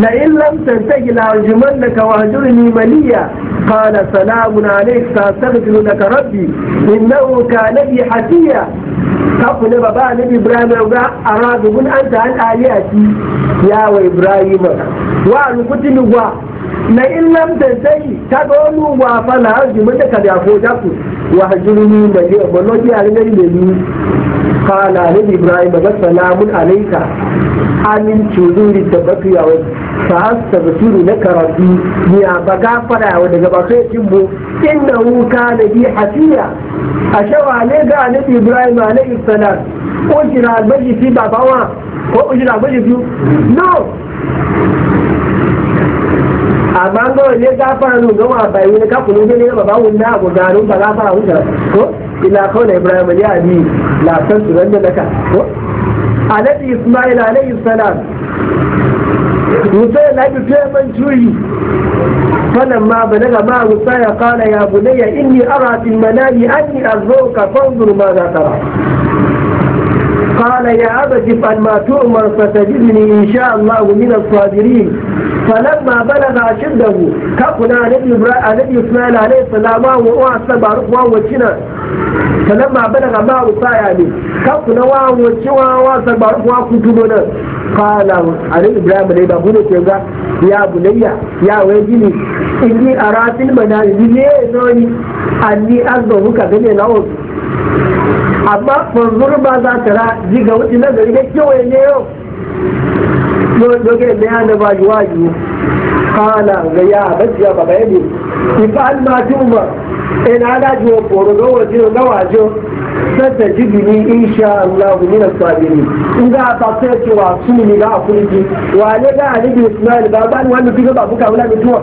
na in lam tantahi la arjuman da ka wahjurni maliya kala salamun alayk ta sabbilu da ka rabbi innahu ka nabi hatiya ka kula ba ba nabi ibrahim ya gauga a rabibun an ta an ali wa ibrahim wa na illam da sai ta ga wani wa fala haji mun da kada ko da ku wa hajiruni da ne ba no ji ari ngai ne ni kala ne ibrahim da salamun alayka amin tuduri da baki batu yawo fa hasta basiru na karabi ni a baga fara wa daga ba sai jimbo inna hu kana bi hasiya a shawa ne ga annabi ibrahim alayhi salam ko jira baji fi babawa ko jira baji fi no amma ga wanne gafara nun gama bai wani kafin wani ne baba wunna abu garin ba gafara wuta ko ila kawai ibrahim ya abi la san su ran da naka ko alati isma'il alayhi salam musa la bi fiyan tuyi فلما بلغ معه السعي قال يا بني إني أرى في المنام أني أرجوك فانظر ماذا ترى قال يا أبت افعل ما تؤمر ستجدني إن شاء الله من الصابرين falamma balaga shiddahu ka kuna annabi ibrahim annabi ismail alayhi salam wa wa sabar wa wacina falamma balaga ma usaya ne ka kuna wa waci wa wa sabar wa kutubo nan qala annabi ibrahim ne ba bude ke ga ya bunayya ya wai gini inni aratil manazili ne noni anni azzahu ka gane lawo amma fanzur ba za ta ra diga wuce nazari ga kewaye ne yau lókè lẹ́yìn àdàbàjì wájú kánà gẹ̀yà àbẹ́jìyà bàbá ẹ̀mí ìfà àdìmájúmọ̀ ẹ̀nà adájú ọ̀pọ̀rọ̀ lọ́wọ́ sí ọgáwàjọ́ sẹ́sẹ̀ jìbì ní ìṣà aláwọ̀ nínú sàbẹ̀rẹ̀ nga àbàtẹ́ ti wà fún mi láà fún mi wà lẹ́gà àníbi ismail bàbá ni wọ́n mi kíkọ́ bàbá kàwé láti tó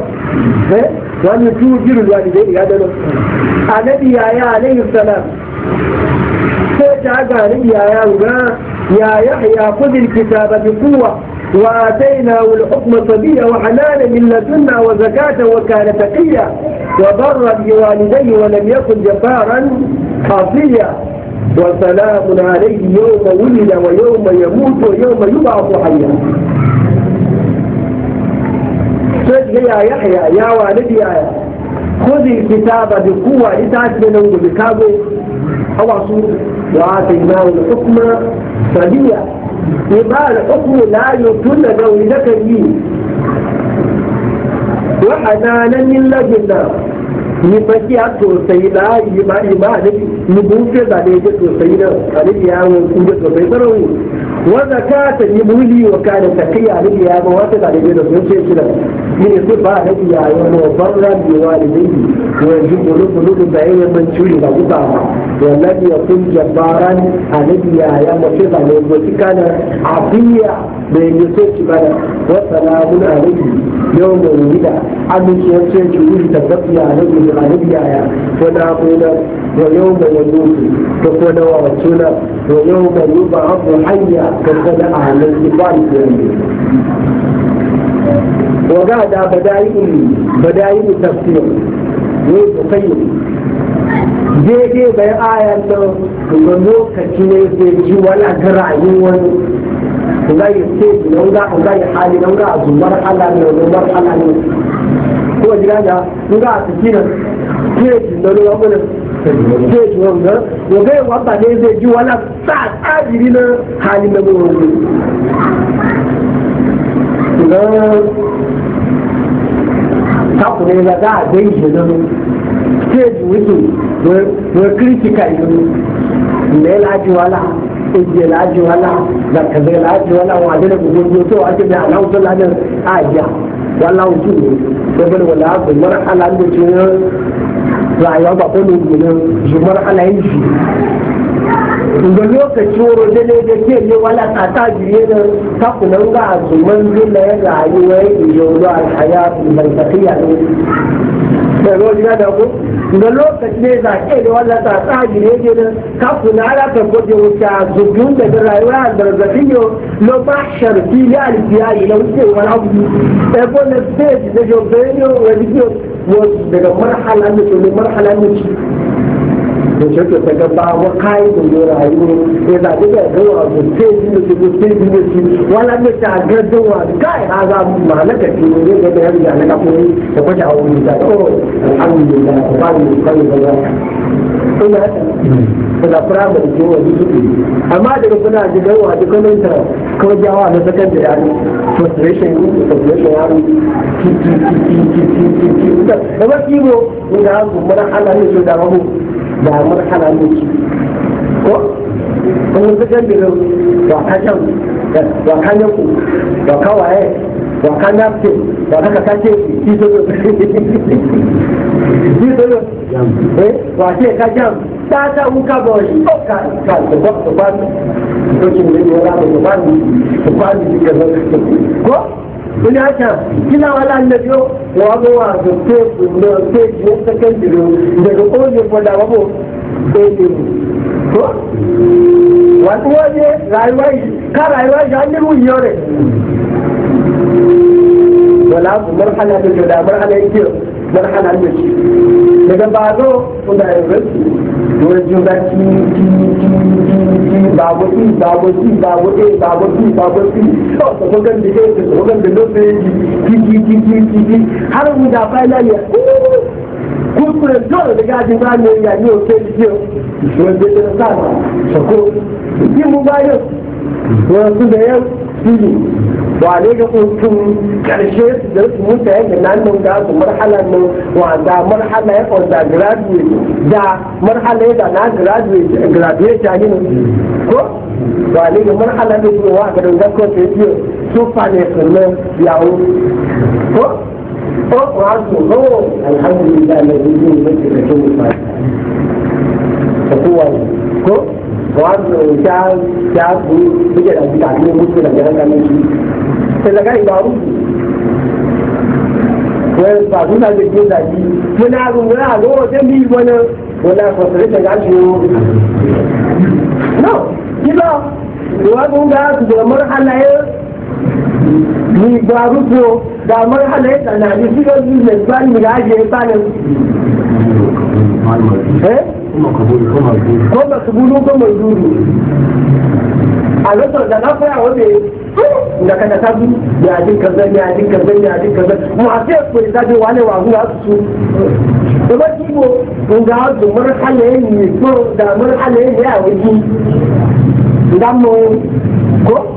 ẹ̀ wọ́n mi tú jìrù lọ àdìdé ìyájọ́ lọ. àlẹ́bí yàyà àlẹ́yìn sẹ́lẹ̀ sẹ́ẹ̀tì àgbà àlẹ́bí yàyà rùgbọ́n yàyà yàkúndì kìtàbà ní kúwà وآتيناه الحكم صبيا وحلالا من لدنا وزكاة وكان تقيا وبرا بوالديه ولم يكن جبارا خاصيا وسلام عليه يوم ولد ويوم يموت ويوم يبعث حيا سجل يا يحيى يا والدي يا خذ الكتاب بقوة لتعجل بكابه أوعصوا وآتيناه الحكم صبيا يبقى الحكم لا يكون ذوي ذكري وحنانا من لجنة يبكي أكو سيدا يبقى يبقى نبوك ذلك سيدا قلت يا وكوك سيدا wanda ka ta yi muli wa ka da ta kai ya ba wata da alibi da sun ce shi da ni ne su ba ya yi wa da barran bi walidayhi wa yujibulu bulugun da yayin man curi ba guba ba wallahi ya kun jabbaran alibi ya ya ba shi da ne ko kana abiya da yake so ki bada wa salamun alayhi yau da wida amince ya ce ki yi tabbati alibi da alibi ya ya ko da ko ويوم يموت تكون وعدتنا ويوم يبعث حيا تكون أهل الكفار وقعد بدائل بدائل التفسير ويقيم daidai bai ayan nan ga lokaci ne sai ji wala ga rayuwar ga yi sai na ga ga yi hali na ga azumar Allah ne azumar Allah ne ko jira da ga a da lura zai ji wanga ya ga yawa ba ne zai ji wala sa na hali na mai wani na taku ne za a dai shi na stage wiki wai kritika yi ne laji wala ije laji wala da ka zai laji wala wa dole ku gudu to a ce da alhausa lajin a wala wuce ne da bane wala abin mara ala da ce rayuwa ba ko ne gina jimar ala yin shi ga lokaci wuro da ne da ke ne wala a ta biye da kunan ga a zuman zila ya rayuwa ya yi yau da alhaya mai tafiya ne da zo gida da ku ga lokaci ne za ke da wannan ta tsaji ne ke da kafin na ala ta gode wuce zubin da da rayuwa da zarzafin yau lo ba sharfi ne a lifiyayi na wuce wani abu ɗaya ko na stage da jobe ne wani ke daga marhala ne to ne marhala ne ìṣẹ́kẹ̀ pẹ̀lú bá wọ́n ká ìdòdó rà yìí a tó bẹ̀ tó wà tó tẹ́ ìdílé tó tó tẹ́ ìdílé sí wọn lábẹ́ tá a gẹ́ tó wà káì ara màálẹ́kẹ̀ tó ní ilé gẹ́gẹ́ bí àlẹ́ká fún a ẹ̀kọ́ tí àwọn olùdá tó àwọn olùdá tó bá kai kọ́ yìí lọ́wọ́. ta yà daga firamare ke wani zuɓi amma daga kuna gidan wa da kwanan ta kawai jawa na secondary yaro frustration yi frustration yaro kiki kiki kiki kiki da ba kibo da hannu mana ana ne ki da mahu damar hana ko kuma zukan birin wakajen wakajen ku wakawaye wakanda ce wakaka kace tisoyo tisoyo eh ka ta ta uka boshi ko ka ka ko ko ba ko ki ne wala ko ba ko ba ko ní àṣà kí náà wà lálẹ́jọ́ wọ́n mú àgbò péèkù lọ péèkù ó sẹ́kẹ́ndìrì o ìbẹ̀rù ó lè fọdà wọ́n bò péèkù tó wà tí wọ́n yé ràìwá yìí ká ràìwá yìí á nírú yìí rẹ̀ wọ́n á bù mọ́rùkálà tó jọ̀dá mọ́rùkálà yìí kí o mọ́rùkálà lè bazo ko da yau lójú bá tí tí tí tí ìgbàgbó tí ìgbàgbó tí babu tí babu tí ìgbàgbó tí ọ̀sọ̀ tó o yanzu da yau shine wane ga mutum karshe da su mutu ya gina nan ga su marhala nan wanda marhala ya kwanta graduate da marhala ya na graduate graduate ya ne ko wane ga marhala da su wa garin zakon ta yi su fane sannan yawo ko ko ko har su zo alhamdulillah da yi ne da ke da kuma ko wọ́n á ṣá bú méjèèjì da tàbí ní mùsùlùmí àti ẹ̀ka méjì. ṣèlèkà ìgbà rúbù wọ́n bàbá náà lè gbé dàbí mo náà rò wọ́n àlọ́ ọ̀dẹ́ mi ìwọ náà wọ́n náà kọ̀ sọ̀rọ̀ ìṣẹ̀lẹ̀ àti o. náà nígbà wọ́n tún bá ṣùgbọ́n mọ́ra àlàyé ní ìgbà rúbù o gbà ko makabulu ko manzuru a lokacin da na fara wanda da kana tabu ya jin kazan ya jin kazan ya jin kazan mu a sai ko da bi wale wa huwa su da ba ki mo kun ga su mar halaye ne ko da mar halaye ne a wani dan mu ko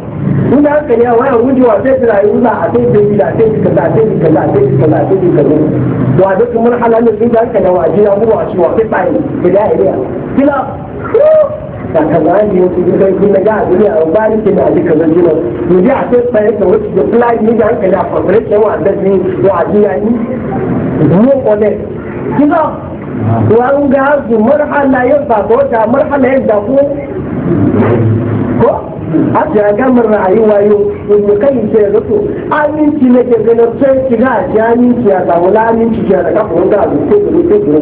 in da haka ya waya gujewa sai ta rayu za a sai ta bila sai ta kaza sai ta kaza sai ta kaza sai ta kaza wa da kuma halalin in da aka ya waje ya kuma wace wa sai tsaye da ya iya kila da kaza ne yau cikin sarki na ga duniya a bari ke a ji kaza jina mu ji a sai tsaye da wasu da fulani ne da hankali a fasirai wa da ni wa ji ya yi mu kone kila wa ga su marhala yadda ko da marhala yadda ko ko a ta gamar rayuwa yau in kai ce da to aminci na ke ganin sai ki ga ji aminci ya samu la aminci ya da kafa wanda a zuke da zuke da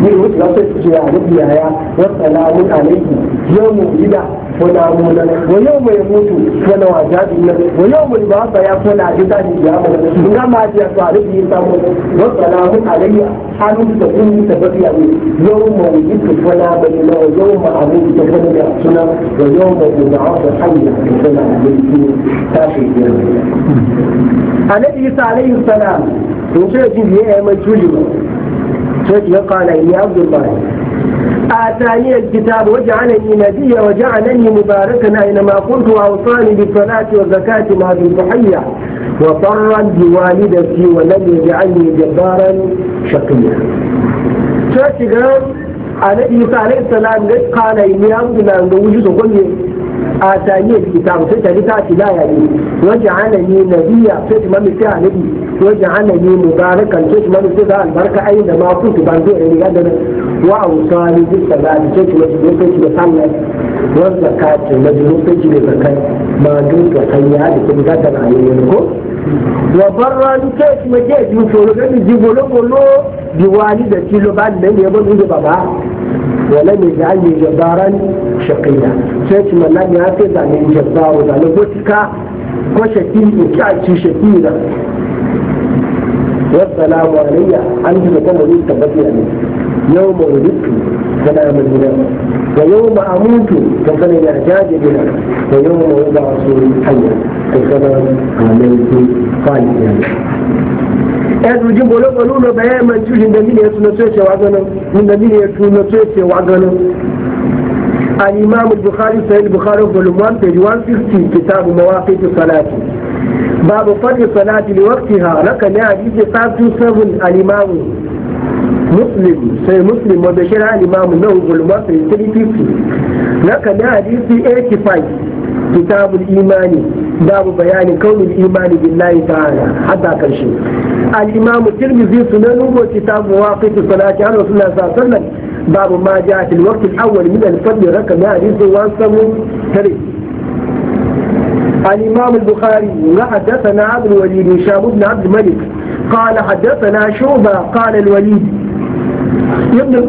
ni wuce da sai ki ya rubiya ya wa salamun alaikum يوم ولد ولا مولد ويوم يموت ولا وجاد ويوم البعث يا ولا جدان يا من ما يا صالح يسام وسلام علي حال تكون تبقي يوم ولد ولا مولد ويوم أموت ولا يحسن ويوم يبعث حي ولا مولد تاشي النبي عليه السلام وشيء جزيه ما تشوجه شيء يقال يا عبد الله A saniya da kitabu wajen halaye na biya wajen alayyi mubarakkan na aina makuntun wa'anzuwan litiyar da zaakati masu buhanya ma farran biwali da biyu wala ne da alayyajen barar shakkin na. Coci a saniya da kitabu sai ta rita shi na yage yi. Wajen halaye na biya coci ta alayyi, wajen halaye ma barikan coci man ta albarka aina da makuntun ba zan yi da wa'awutari duk da za a yi cikin wasu lokaci da samun wasu zakacin wasu lokaci da zakai ma duk da kan ya da kuma zata na yi wani ko wa barra ni ke kuma ke ji foro da ni ji bolo bolo bi wani da ci ba da ni yabo da baba wala ni ga ni jabaran shaqiya ke kuma na ni ake da ni jabawo da gotika ko shakin ko ta ci shakira wa salamu alayya an ji ko mun tabbata ne يوم ولدت فلا مدينة ويوم أموت فقد يحتاج بنا ويوم وضع رسول حيا فقد عملت صالحا ẹnu jí bọ́ lọ́wọ́ lónà bẹ́ẹ̀ máa ń tún ní nàbí ni ẹtù náà tó ẹsẹ̀ wá gan náà ní nàbí ni ẹtù náà tó ẹsẹ̀ wá gan náà. alimami bukhari sahil bukhari volume one page one sixty kitabu mawaqit salati babu fadli salati li waqtiha raka ne hadisi five two seven alimami muslim sai muslim wa bashir al imam nawawi al 350 naka da hadisi 85 kitabul imani babu bayani kaunin imani billahi ta'ala hatta karshe al-imam na sunan wa kitabu waqit salati ala rasulullah sallallahu alaihi wasallam babu ma ja'a fil waqt al-awwal min al-fajr الإمام البخاري حدثنا عبد الوليد هشام بن عبد الملك قال حدثنا شعبة قال الوليد يبن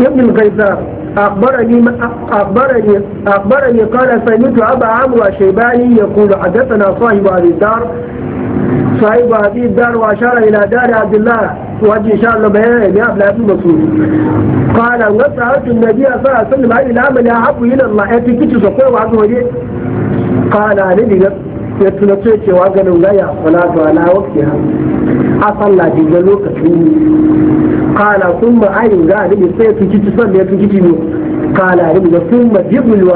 ابن الغيثار أخبرني أخبرني أخبرني قال سمعت أبا عمرو الشيباني يقول حدثنا صاحب هذه الدار صاحب هذه الدار وأشار إلى دار عبد الله وجه إن شاء الله بيان يا أبن أبي مسعود قال وسألت النبي صلى الله عليه وسلم عن العمل أحب إلى الله أتكت سقوى وعبد قال أنا ya tuna ce cewa ganin gaya kula ta ala wakti ha a sallah ji ga lokacin kala sun ma ayin ga ni sai tun kici da ya tun kici ne kala ni da sun ma jibul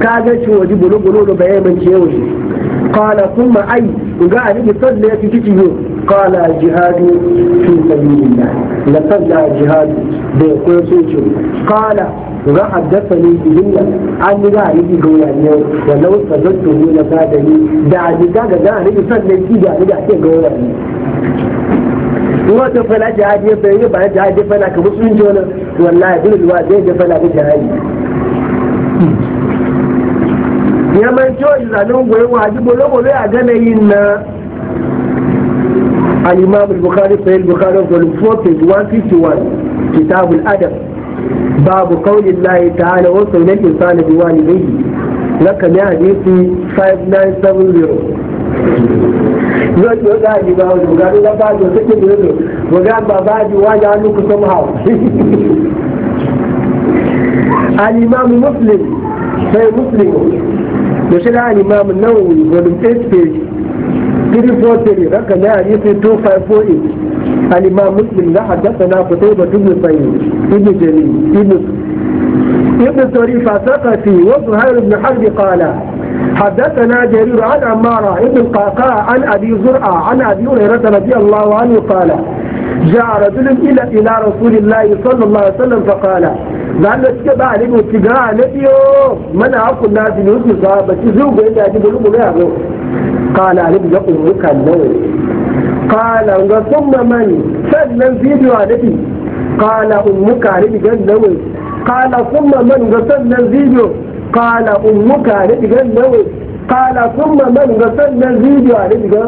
ka ga shi waje bulu bulu da bayan ban ce yau kala sun ma ayi ga ni sallah ya tun ne kala jihadu fi sabilillah la sallah jihadu da sai وما حدثني بهن عن يعني، ذلك يعني. هو يعني ولو سددته لفادني دعني كان ذلك فلن كي دعني دعني هو يعني وما تفعل جهاد يفعل بعد جهاد يفعل كبس من جونا والله يقول الواد يفعل بجهاد يا من جو يزالون قوي واجب ولا قوي أجانا إنا الإمام البخاري صحيح البخاري في الفوتي 151 كتاب الأدب babu قول layi ta hana wasu na insani wani zai na 5970 yau da ji ba wani gari na ba da suke da yau wajen ba ba ji wani hannu ku somehow al muslim sai muslim da shi da nawawi volume 8 page 343 raka na hadisi 2548 الإمام مسلم لا حدثنا قتيبة بن سعيد بن جليل بن ابن طريف الثقفي وزهير بن حرب قال حدثنا جرير عن عمارة ابن القعقاع عن أبي زرعة عن أبي هريرة رضي الله عنه قال جاء رجل إلى إلى رسول الله صلى الله عليه وسلم فقال لأن اتبع عليه واتباع نبيه من أقول نازل يوسف صحابة زوجه إلى أجيب الأمور قال عليه يقول لك qala ga thumma man sannan bidiyo a dafi qala ummuka ali gan nawai man ga sannan bidiyo qala ummuka ali gan nawai qala man ga sannan bidiyo a dafi ga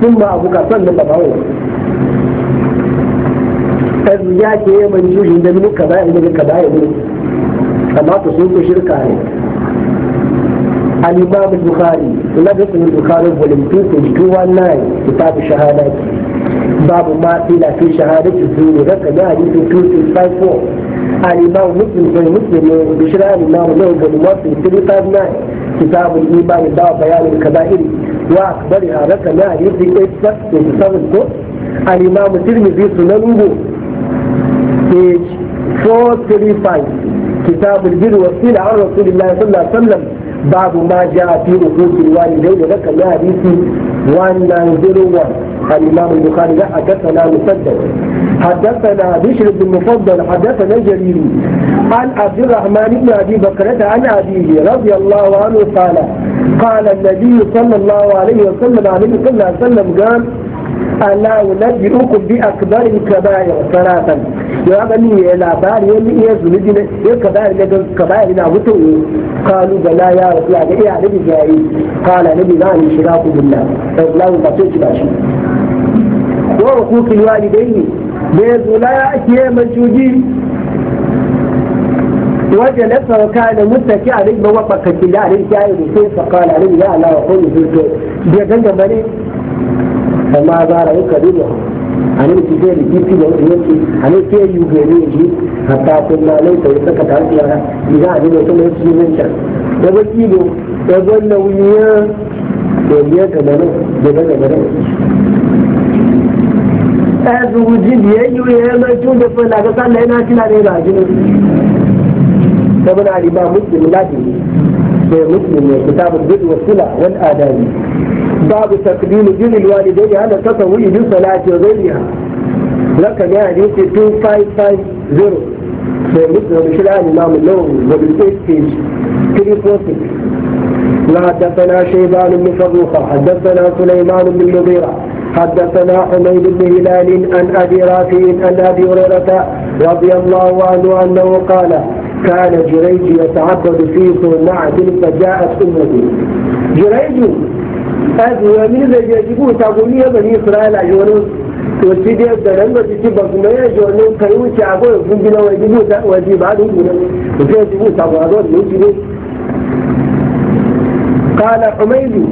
thumma abuka sannan babawo ya ke yaman jujin da muka bayan da muka bayan amma sun ku shirka ne الإمام البخاري لدى البخاري هو فولم الناي كتاب الشهادات باب ما قيل في شهادة الزور رقم حديث فور الإمام مسلم في المسلم بشراء الإمام له في فولم 359 كتاب الإيمان باب بيان الكبائر وأكبرها رقم حديث 8657 الإمام الترمذي سننه page 435 كتاب البر والصلة عن رسول الله صلى الله عليه وسلم باب ما جاء في عقوق الوالدين ذكر حديث 191 الامام البخاري حدثنا مسدد حدثنا بشر بن مفضل حدثنا جرير عن عبد الرحمن بن ابي بكرة عن ابيه رضي الله عنه قال قال النبي صلى الله عليه وسلم عليه صلى الله عليه وسلم قال ألا أنبئكم بأكبر الكبائر ثلاثا da ni ya labari ya zunubi ne ya na kalu bala ya rasu ga iya nabi yi. kala nabi za a yi shiga ku ba sai shi ko ba wani ne da ya zula ya ake majuji wajen na sauka da mutaki a rikin wakwa kaki da a ya yi rufe sa kala rikin ya alawa ko rufe da ganga bane amma zara yi karibu ani ti zai da kifi da wani yanki ani ke yi gari ji hatta kun na lai ta yi saka ta hanci yana a jini kuma yanki yin can da ba kido da ban na wuya da biya ka da nan da ga da nan ta zuwa ji biyayyu ya mai tun da fula ga sallah yana ne ba a jini saboda riba muslim lafi sai muslim ne kitabul bid wa sila wal adabi باب تقديم دين الوالدين على تطوع بصلاة غيرها رقم يعني 2550 في مسلم مش الآن إمام النوم وبالبيت فيش 346 لا حدثنا شيبان بن فروخة حدثنا سليمان بن مغيرة حدثنا حميد بن هلال عن أبي رافي عن أبي هريرة رضي الله عنه أنه قال كان جريج يتعبد في صناعة فجاءت أمه جريج kaji wani zai je ji ta gumi ya bani isra'ila ji wani to shi dai da ran da ba kuma ya ji wani yi wuce a goyi kun gina wani ji ta wani ba dun gune to sai ji ku ta ba zo ne shi dai قال حميدي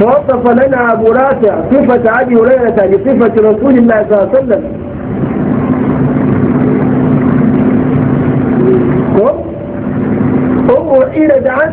توصف لنا أبو رافع ta, أبي هريرة بصفة رسول الله صلى الله عليه وسلم أم هريرة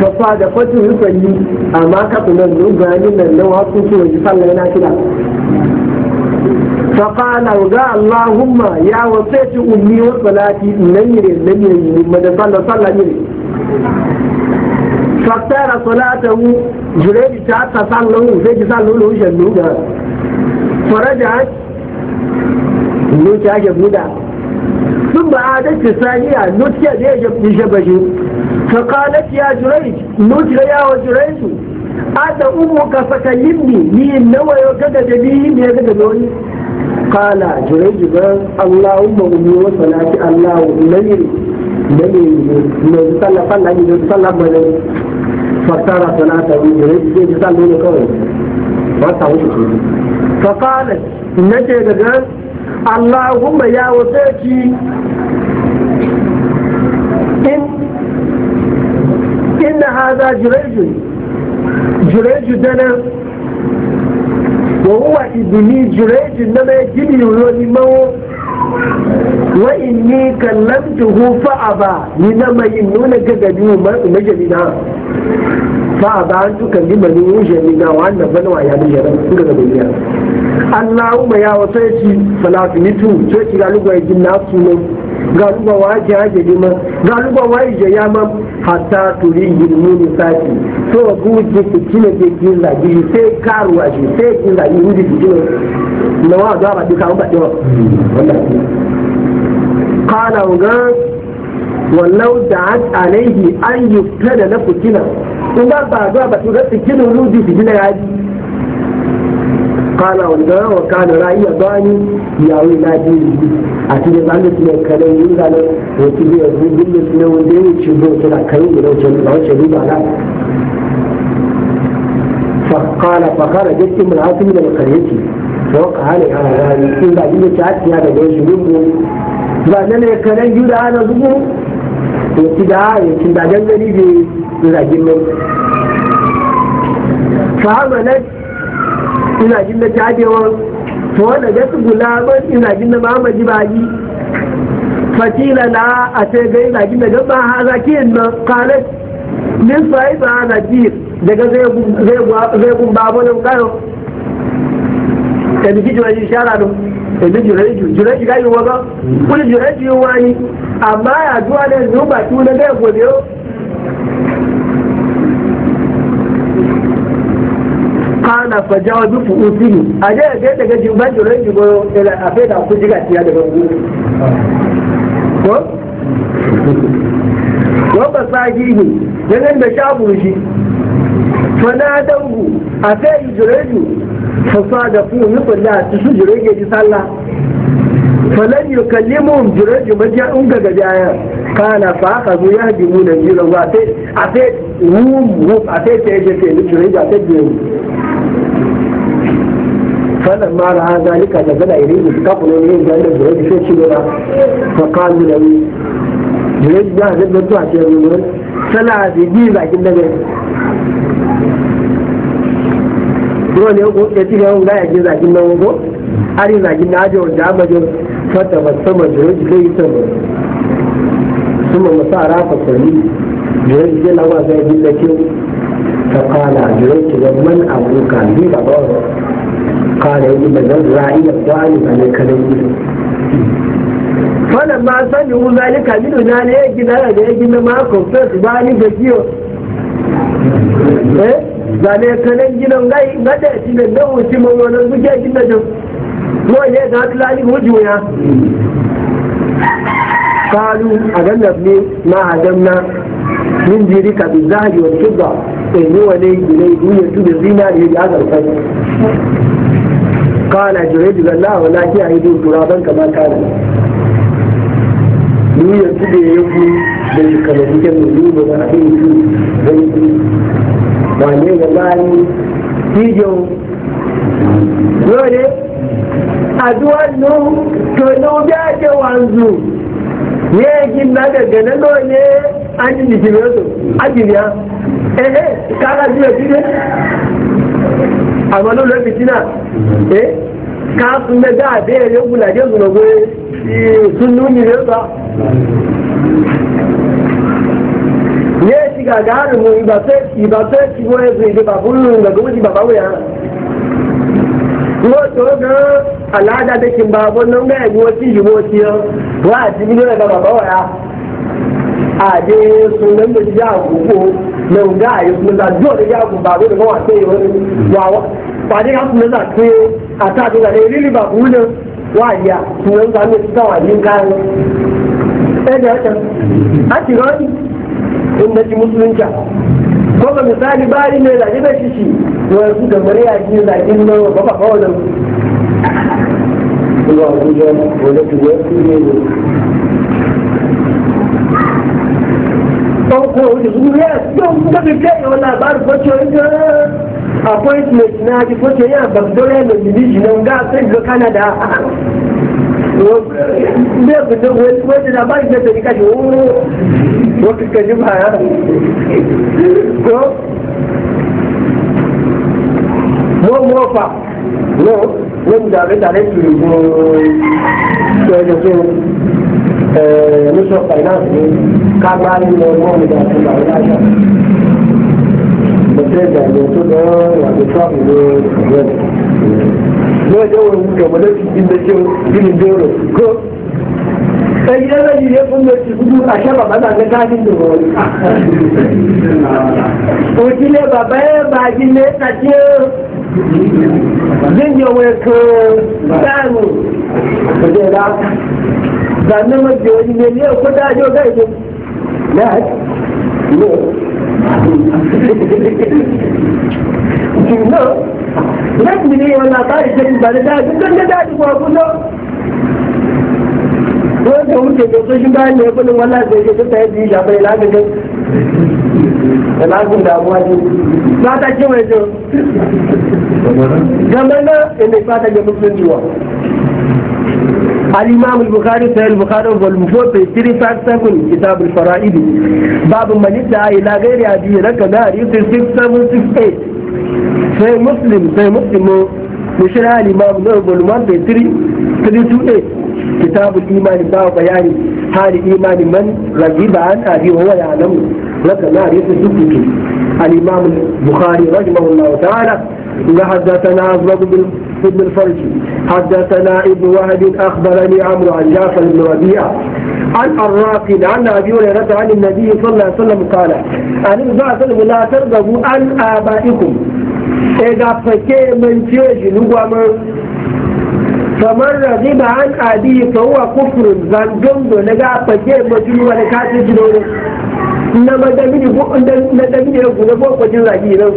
ka fa da fatu yuka yi amma ka kuma nun gani nan na wasu su wani sallai na kira fa fa na ga Allahumma ya wace ci ummi wa salati nan yire nan yire ma da sallah sallah yire fa ta ra salata hu jure bi ta ta sallah hu zai ji sallah hu shan nuga faraja nuke ake buda sun ba a dace sani a nuke da ya jabe shi فقالت يا جريج نجل يا جريج أنا أمك فكلمني لي نوى يقدد بي يقدد بي قال جريج اللهم أمي وصلاة الله لي لي من صلى صلى من صلى من فصار صلاة جريج صلى لي كوي فقالت نجل اللهم يا وصيتي هذا جريج جريج دنا وهو ابني جريج إنما يجري مو وإني كلمته فأبى إنما ينون جدني مجلنا فأبى أن تكلمني وجلنا وأن بنوا يا بني اللهم يا وسيتي فلا تنسوا تشكي على لغة الجنة galuba wa ji haje lima galuba wa ji ya ma hatta turi yirmuni sati to bu ji ku kina ke kin la ji sai karuwa ji sai kin la ji wuri ji na wa da ba duka ba da wallahi qala wa wallau da'at alaihi an yuftada na fitina in ba ba ba to ga fitina wuri ji fitina ya قال وانه وكان رأي ضاني يا لا دين أتيجي بعد كده كلام يقول على وتيجي يقول بالله سنة وندي تشوفه كده كلام لو شنو لو شنو على فقال فخرجت امرأة من القرية فوقع عليها غالي إن يا تعبت هذا ليش بعد انا كلام يقول أنا زبون وابتداء يمكن بعدين نيجي نلاقي فعملت ina jin da jadewa to wanda ga gulaman ina jin da mamaji baji fakila na a ce ga ina jin da gaba ha zakin nan min sai ba na ji daga zai zai gun babo da biki jira ji shara dum da biki jira ji jira ji yi waga kullu jira ji wani amma ya duwa ne zuba tu na ga kana fa jawa bi fu'usihi a je ga daga jibban jiran jigo ila afe da ku jiga tiya daga ku ko ko wa basahihi dan da shabu shi fa na dangu a afe jireju fa sadafu ni kulla su jirege ji sallah falan yukallimuhum jireju majiya unga ga jaya kana fa aka zo ya jimu da jiran wa a afe wúwú àtẹ́tẹ́ ẹ̀jẹ̀ tẹ̀lé jùlọ ìjà tẹ́jẹ̀ ẹ̀wù فلما ما رأى ذلك نزل إليه قبل أن ينزل جريج في الشجرة فقال له جريج جاهز بن جاهز يقول سلا دي بعد النبي dole ya kuɗe cikin yawon gaya ke zakin nan wuko ari zakin na ajiyar da amajin fata ba sama da yau zai yi sama kuma masu arafa sani جريج جل هو زي جلة فقال جريج ومن أبوك لي بابا قال إني مزل راعي الظالم أنا كلمي فلما سمعوا ذلك منه نال يجي نال يجي ما كفت بالي بكيو zane kanan gidan gai gada shi da dan wuce man wannan buke gina da ko ne da lali wujuya kalu a gannan ne ma adamna min jirika bi zahari wa shidda sai ne wane gine duniya tu da zinari ya ga kai kana jirage da Allah wala ki ayi dun turaban kama kana duniya tu da yaku da shi kama cikin duniya da ake yi zai yi wane ga bani tijo dole aduwa nu to nu da wanzu yéèkì nàgẹ̀gẹ̀ nínú yé ajìnìjìnì ọ̀sọ̀ ajìnìyà ehe eh, kára sí ẹ̀ dídé àmọ́ lórí ẹ̀bì tínà ẹ káàtú mẹ́ta àti ẹ̀yọ́ gbùlà jẹ́ ògùnà pé ìsúnú yìí ló sọ. yéèkì gàgà àrùn ìgbà tó ìgbà tó ìwọ ẹ̀sùn ìdè bàbá ń lò ga tó ti bàbá wẹ̀ hàn. lóòótọ́ gan aláàjà tó ti ń ba ọgbọ́n náà mẹ́rin ni wọ́n ti yìí wọ́n ti yan wọ́n àti bí lóòótọ́ gan bàbá wọ̀ra àdé sun lẹ́nu ló ti yá àgùkù lẹ́nu gá àyè fún mẹ́ta dúró lè yá àgùkù bàbá ló wà pé ìwọ́n wà wá pàdé ká fún mẹ́ta pé àtàkùn àti ìrírí bàbá wúlò wà yà fún mẹ́ta ló ti táwọn àyè ń ká ẹ̀ ẹ̀ dẹ̀ ẹ̀ àti rọ́ọ̀nì ìmọ̀tí mùsùlùmí jà kọ́kọ́ wọ́n ti dọ̀mọ́rí àti ìrìnàjò ń lọ bọ́bà bọ́ọ̀ lọ. wọ́n mú ọ̀fà náà wọ́n mú dàbí dàbí kiri gbòòrò ẹ̀jẹ̀ tó ẹ̀ẹ́dẹ́gbẹ̀sọ̀ finance ní kágbá nínú ọgbọ́n mi dàbí dàbí láṣà. Bẹ̀tẹ̀ ìdàgbẹ̀ tó dán ìyàgbẹ̀ tó àbúrò ìgbẹ́. Ní ọjọ́ wo ni ìjọba ló ti di méjì ó sai gidan zai ne kun da ke a shaba ba na gajajin da ba wani ne ba bayan ba gine ta ce yin yawon ka tsanu da zai da zanen mafi wani ne ne ko da ajo ga ne na haji ne Kino, let me know your life, just by the time you come to that, you don ka wuce ka so shi bayan ya kudin wallah da ya ta yi biyu shafa ila ga gani da lagun damuwa ce ba ce mai jin gama na inda ba ga musulunci wa الإمام البخاري سهل البخاري volume 4 page 357 كتاب الفرائد باب من ادعى إلى غير أبي ركن حديث 6768 سي مسلم سي مسلم مشرع الإمام نور volume 1 page 328 كتاب الإيمان باب بيان حال إيمان من رغب عن أبي وهو يعلم رقم حديث الدكتور الإمام البخاري رحمه الله تعالى حدثنا أبو بن الفرج حدثنا ابن وهب أخبرني عمرو عن جعفر بن ربيعة عن الراقد عن أبي هريرة عن النبي صلى الله عليه وسلم قال أن صلى الله عليه لا ترغبوا عن آبائكم إذا فكي من تيجي لغوا kamar razi ba an ƙadi fawwa kufurin zangon do na ga fage mutum wani kafin ji na uru. na damini ya guda na kwajin zagi nan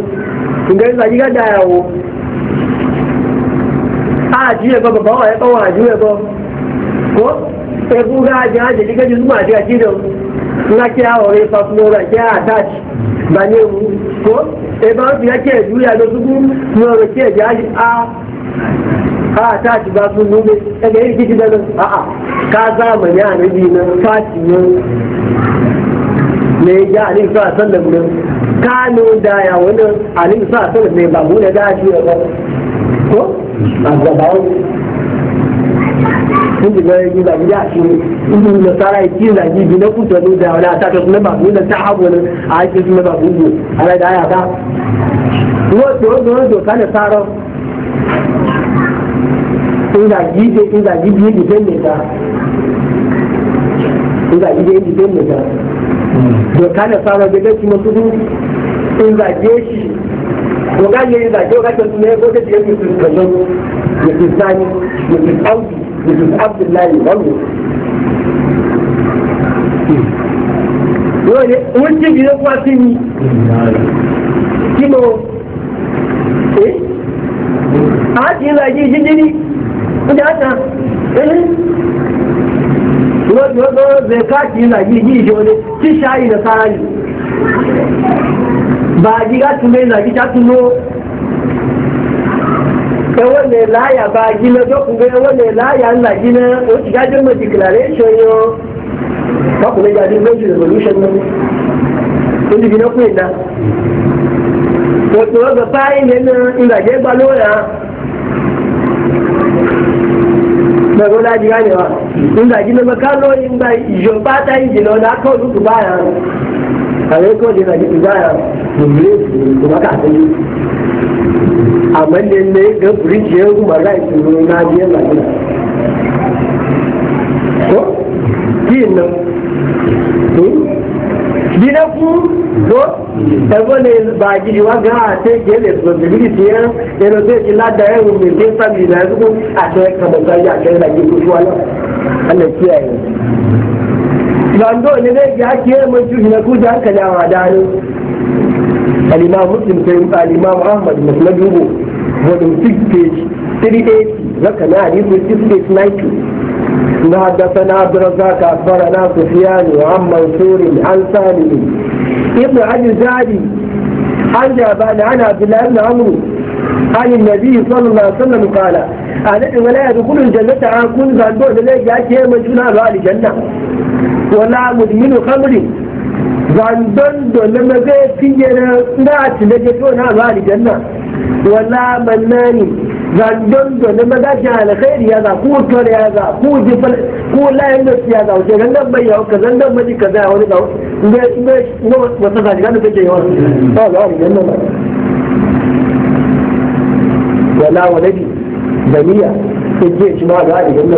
inda yin zagi ga da yawo a jiya ba ba wa ya kawo a jiya ba ko sai ku ga ajiya ajiya diga zuma ajiya ji na kira wa rai fafulo ra a tashi ba ne mu ko ba ya ke juya da su ke a a ta ci ba sun nube daga yin kici da nan a'a ka zamani a nabi na fati ne ne ya alin sa sallam nan kano da ya wani alin sa sallam ne ba mu ne da shi ba ko a gaba sun ji gare ji zagi ya shi inda da tsara ki zagi bi na kuta ne da wani ta kasu na babu da ta hagu ne a ake su na babu ne a da ya ta wato wato wato kana tsaron ìdàgí ìdàgí bí èdè fẹ́ mẹ́ta ìdàgí bí èdè fẹ́ mẹ́ta dọ̀ká lè fara gẹ́gẹ́ tí mo tún fún ìdàgí èsì ọ̀gá yẹ ìdàgí ọ̀gá tó tún lẹ́gbẹ́ tó ti yẹ kí n pẹ̀lú mrs sani mrs audi mrs abdullahi lọ́wọ́. wọ́n ní wọ́n ti di lẹ́kọ́ sí mi kí mo àti ìlàjì jíjẹ́ ní. kudi haka eh wọ́n tó zai káàkiri là yìí yìí ṣe wọlé tí ṣáàyì na sára yìí bàájí ká tún lé nàìjí ká tún ló ẹwọ́n lè láyà bàájí lọ́jọ́ kún pé ẹwọ́n lè láyà nàìjí náà ó ti ká jẹ́ mọ̀ declaration yọ ọkùnrin jáde lójú revolution náà ó ti fi náà pè náà wọ́n tó wọ́n gbọ́ báyìí lẹ́nu ìgbàjẹ́ gbà mọ̀ ló láti ráyè wa nígbà tí mo ká lóyún nígbà ìjọba táyì jìnnà ọ̀nà akọ́ òdùkú báyà àwọn ẹ̀kọ́ ìdílé àti ìbáyà òmìnir èkó wákà àtẹ́yẹ àmọ́ ní ẹni gan bíríjì ẹ̀rù màgá ìṣòro náà bí ko màgá kí ìnáwó na ku ko ẹgbọ́n lè ba ìwádìí wa ga ìgbé lè responsibility yẹn ẹnu tó ti ládà ẹrù mi ní family náà ẹgbẹ́ àti ẹ̀ka mọ̀tò ayé àti ẹ̀ka ìgbé kúkú wọn lọ kí ẹ̀ yẹn. Lando ne zai ji ake yi mai cuci na kuji hankali a wadani. Alima Muslim sai Alima Muhammad Muslim Yugo, volume 6 page 380, zaka na hadisi 6 page 92. حدثنا عبد الرزاق اخبرنا سفيان وعن منصور عن سالم ابن عبد زادي عن جابان عن عبد الله بن عمرو عن النبي صلى الله عليه وسلم قال أنا ولا يدخل الجنة عن كل ذنب ولا يجاك مجنون على الجنة ولا مدمن خمر ذنب لما جاء في جنة ناس لجتونا على الجنة wala mannani za don don da magajin alkhairi ya za ku tore ya za ku ji ku layin da ya za wuce gangan bai yawo ka zangan bai ka za wani ga ne ne ne wata za ga da kake yawa ba za ni nan ba wala waladi daniya ke ce shi ma ga idan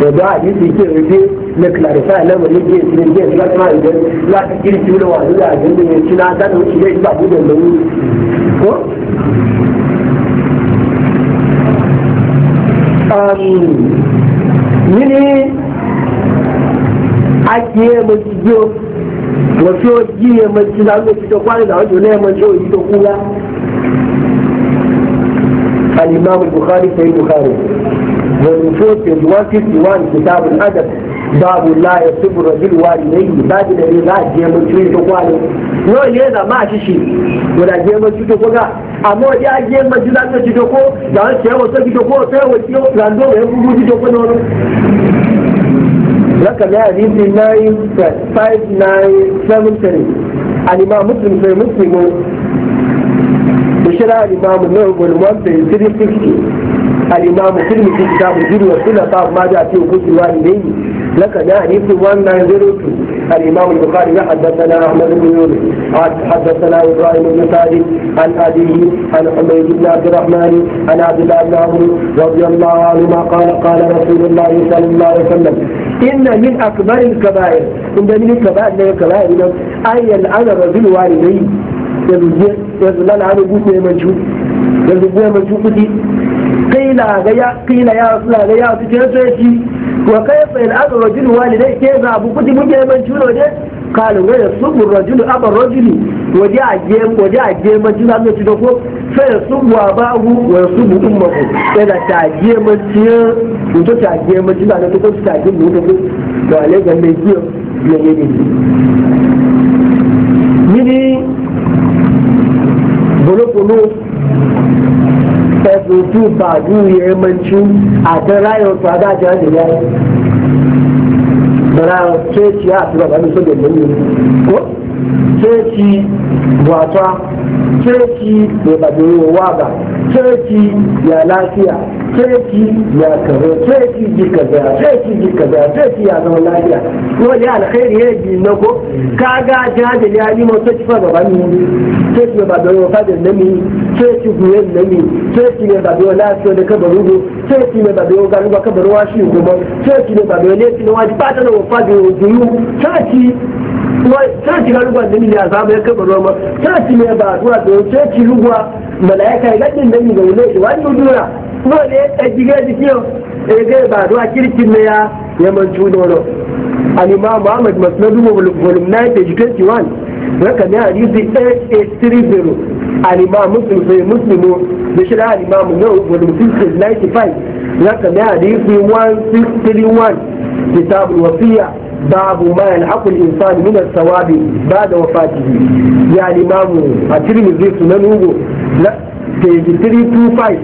da da hadisi ke rubuce na clarify na wani ke cikin ke na kuma idan za ka kirki wani wani da ajin da yanci na da wuce zai ba gudun da wuri ko mini ake yi mafi biyo mafi yi ya mafi na mafi ta kwari da wajen na ya mafi yi ta kula الإمام البخاري في البخاري والنفوذ في 151 كتاب الأدب babu la ya tubu rajul yi. babu da ne za a je mun cikin ko kwalo no ne da ma shi shi da je mun cikin ko ga amma ya je mun cikin da cikin ko da an ce wato cikin ko sai wato cikin rando ya bugu cikin ko no لك لا حديث 5973 الإمام مسلم في مسلم بشرع الإمام النووي والإمام mu 360 الإمام الترمذي كتاب الجن ma da ce جاء في ne yi. لك حديث 1902 الإمام البخاري حدثنا أحمد بن يونس حدثنا إبراهيم بن سعد عن أبيه عن حميد بن عبد الرحمن عن عبد الله بن عمر رضي الله عنهما قال قال رسول الله صلى الله عليه وسلم إن من أكبر الكبائر إن من الكبائر من الكبائر أن يلعن الرجل والديه يزلل عنه بوته منشوف يزلل بوته منشوف قيل يا قيل يا رسول الله يا رسول الله wa kayfa yal'adu rajulu walidai ke za abu kudi muke man juno ne kalu wa yasubu rajulu aba rajuli waje a je waje a je man juno ne tudo ko fa yasubu abahu wa yasubu ummuhu sai da ta je man tiyo to ta je man juno ne to ko ta da ga ne tu ba du ya manci a ta rayuwar ta da jiya da y'a bara ce ci a tura ba ni so da yi ko ce wata ce da ba da wa ba ce ya lafiya ce ya karo ce ji kaza ce ji kaza ce ya zama lafiya ko ya alkhairi ya ji na ko kaga ta da yayi mo ce ci fa ba ni ce ba da wa fa da ni sai ci guyen na mi sai ci ne ba da wala sai da kabaru go sai ci ne ba da ga ruwa kabaru wa shi go sai ci ne ba da ne ci ne waji ba ta da wafa da yuyu sai ci sai ci ga ruwa da mi ya za ba ma sai ci ne ba ruwa da sai ci ruwa malaika ga din da mi ga wale wani dura wale ta jiga dikiyo e ga ba ruwa kirkin ne ya ya mancu doro al-imam Ahmad Musnad volume 9 page 21 haka ne hadisi ɗaya tiri 3 alimamu muslim sai muslimu da shi da alimamu na uku wadda mutum ke laifi fai haka ne hadisi 1631 kitabu wasiya babu ma yana akul insan mina sawabi ba da wafati ya alimamu a tiri zai su na nugu ke yi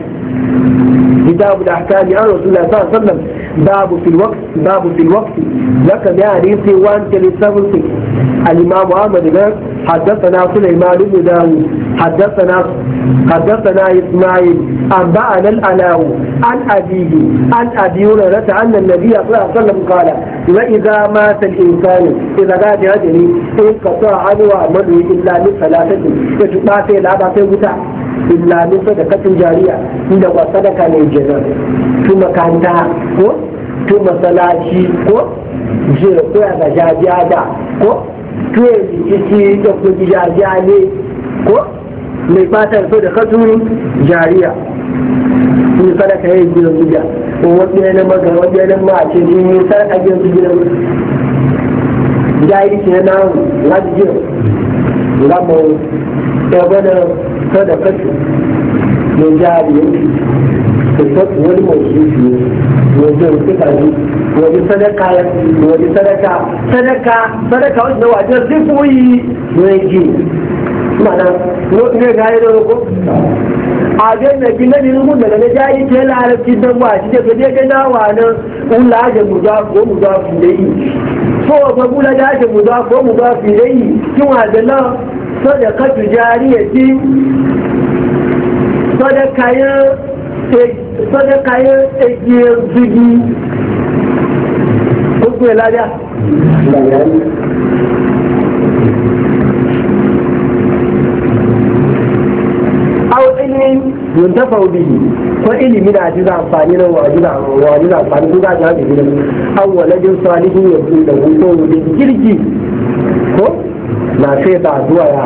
كتاب الأحكام عن رسول الله صلى الله عليه وسلم باب في الوقت باب في الوقت لك يا في وانت تلسفل الإمام أحمد قال حدثنا سليمان بن داوود حدثنا حدثنا إسماعيل أنبأنا الألاو عن أبيه عن أبي هريرة أن النبي صلى الله عليه وسلم قال وإذا مات الإنسان إذا قال يجري انقطع عنه عمله إلا من ثلاثة يجب ما في illa min sadaqatin jariya inda ba sadaka ne jiran tu makanta ko tu masalaci ko jira ko ga jajiya da ko tu ya ciki da ko jajiya ne ko mai fatar katun jariya ni sadaka jira gidan gida wanda yana maga wanda yana ma ce ni na da ɗabana sadakatu mai jariyanci sassafi wani mawusufi wajen sukari wani sadaka wani sadaka sadaka sadaka wani na wajen zifoyi mai ji mana ne ga yi da ko a jan na gina ne rumun daga na jayi ke larabci don ba shi da gaje gana wa nan ula da muzafu ko muzafu da yi ko ga gula da ake guda ko mu ba fi dai kin wadala sadaka tijariyati sadaka ya e, sadaka ya ejiyar e, zugi ko ku lafiya أو علم ينتفع به ko ilimi da ajiza amfani na wajiza wajiza amfani ko za ta haɗe gidan an walajin salihu ya fi da wuto wurin kirki ko na sai ta zuwa ya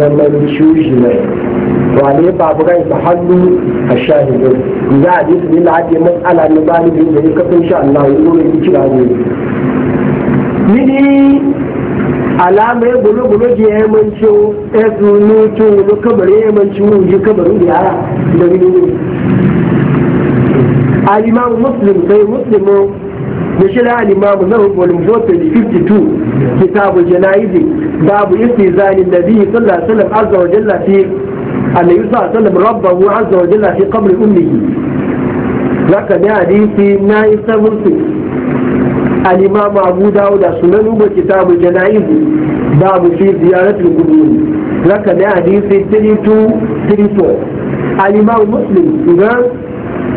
yamman shushi ne wale ba bu kai ta hannu a shahidin za a ji su ne la'aje matsala na zalibin da ya kafin sha Allah ya zo ya ci rayu. Mini alama ya bulu bulu ji ya manci ya zuni cin wani kabari ya manci wuji kabarin da yara da gudu alimamu muslim sai muslimu da shi da alimamu na hukumin zoto 52 kitabu jana'izi babu istizani da bihi sallallahu alaihi wasallam azza wa jalla fi annabi sallallahu alaihi wasallam rabbahu azza wa jalla fi qabri ummihi zaka ne hadisi na isa su. الإمام أبو داود سنن وكتاب الجنائز باب في زيارة القبور رقم حديث 324 الإمام مسلم إذا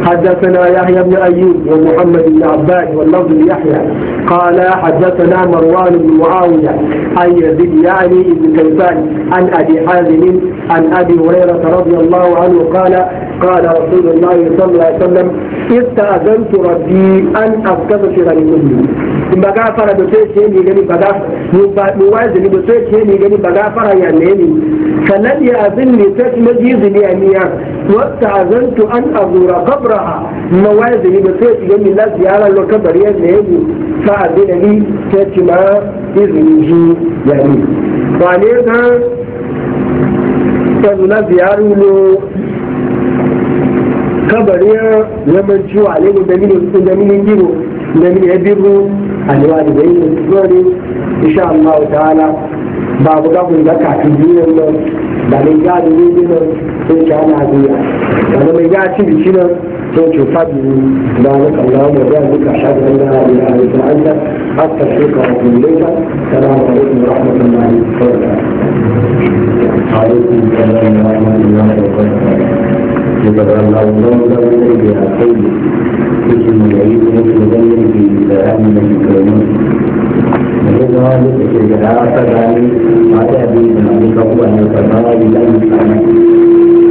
حدثنا يحيى بن أيوب ومحمد بن عباد واللفظ يحيى قال حدثنا مروان بن معاوية أن يزيد يعني بن كيسان عن أبي حازم عن أبي هريرة رضي الله عنه قال قال رسول الله صلى الله عليه وسلم استأذنت ربي أن أفكر في غني كله إن بقى فرى بسوء شيء ميغني بقى موازن بسوء شيء ميغني بقى فرى يعنيني فلن يأذن لسات مجيز ميانيا واستأذنت أن أزور قبرها موازن بسوء شيء ميغني الله زيارة لو كبر يعنيني فأذن لي سات ما إذن جي يعني وعليها كان هناك زيارة kabari ya manci wa alaihi da mini da mini giro da mini ya birru alewa da zai yi tsori insha Allah ta'ala ba mu ga kun ga kafin duniyar nan da mai ya da zai gina sai ta ana duniya da na mai ya ci biki nan sai ce fadi da na kallon mu da duka shaɗin da ya yi a an ta hatta shi ka hukum laita salamu alaikum wa rahmatullahi wa barakatuh alaikum salam wa rahmatullahi wa barakatuh daga wannan gwamnati da ya kai cikin yayi ne da gwamnati da rami da shekaru da kuma wani da ke da rasa gani ba da abin da ne ka kuma ne ka ba da ilan sana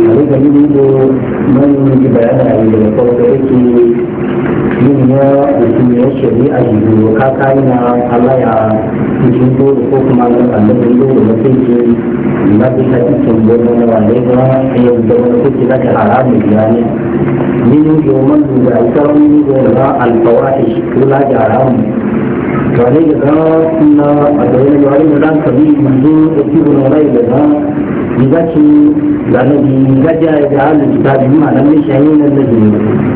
a duka yi ne ko man yi bayana a yi da kawai da yake ya mutum ya shari'a shi ne ka kayi na Allah ya cikin dole ko kuma dole na sai na ta cikin na da wani kuke ya ne ni ne ke man ko na a da wani wani da za ka bi da wani da gaci zanabi gaja da halin kitabi malamin shayi na nabi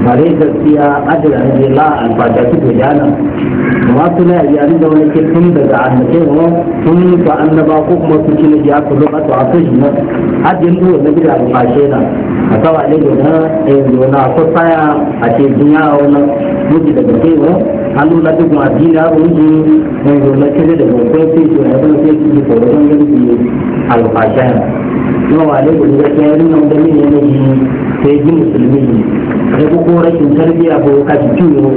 bare adala ne la alfaja su ke jana amma suna yi an da wani tun daga annabi ne sun ba annaba ko kuma su kila ya ku lokacin a kai ne hadin duwa na bid'a ba sheda a kawa ne da na yanzu na ko tsaya a ce duniya wannan muji daga kai ne an nuna duk ma dina ruji yanzu na kire da gobe sai to ya zama sai ki ko da ganin alfashan kuma ba dai gudu gaskiya irin nan da mene ne ji sai ji musulmi ne sai ko rashin tarbiyya ko ka ji ciwo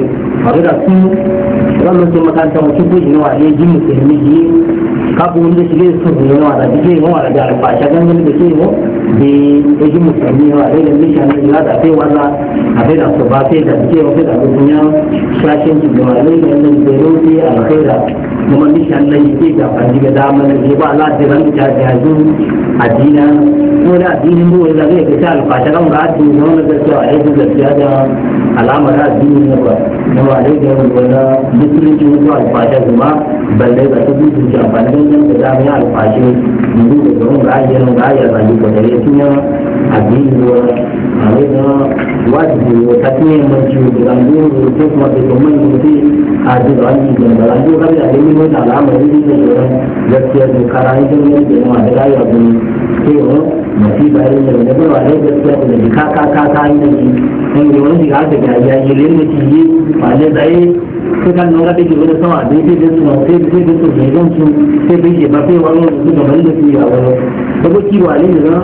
ba da su wannan sai makanta mu cikin wa ne ji musulmi ji ka bu wanda shi ne su ne wa da ji ne wa da alfashan ganin da ke mu sai ya ji musulmi yawa da da da wanda a sai da su ba da wa da su shashin da da yanzu da yau kuma ga da ke ba da ko da addinin da fita alfashe ga addini na wani gaskiya a yanzu gaskiya da alamar addini na ba na ba da yau da wani musulunci wasu alfashe kuma balle ba su zuci amfani da yanzu da alfashe da ga ga da da cikin abin ruwa علينا وجه وتكميل مسجد العلوم والحكمة الأمية في هذه العلم جنب العلم غير علم من العمل الذي يجرى جبتي القرائن من جنوع الآية من كيو نصيب علم النبي وعليه جبتي الذي كاكا كاكا إنه إن يولد يعاد جاية يلين تيجي وعليه بعيد كان نورا بيجي ولا سوا بيجي جسم وسيب سيب جسم جيران شو سيب بيجي بقي والله جسم مهندس يا والله بقول كي وعليه جرا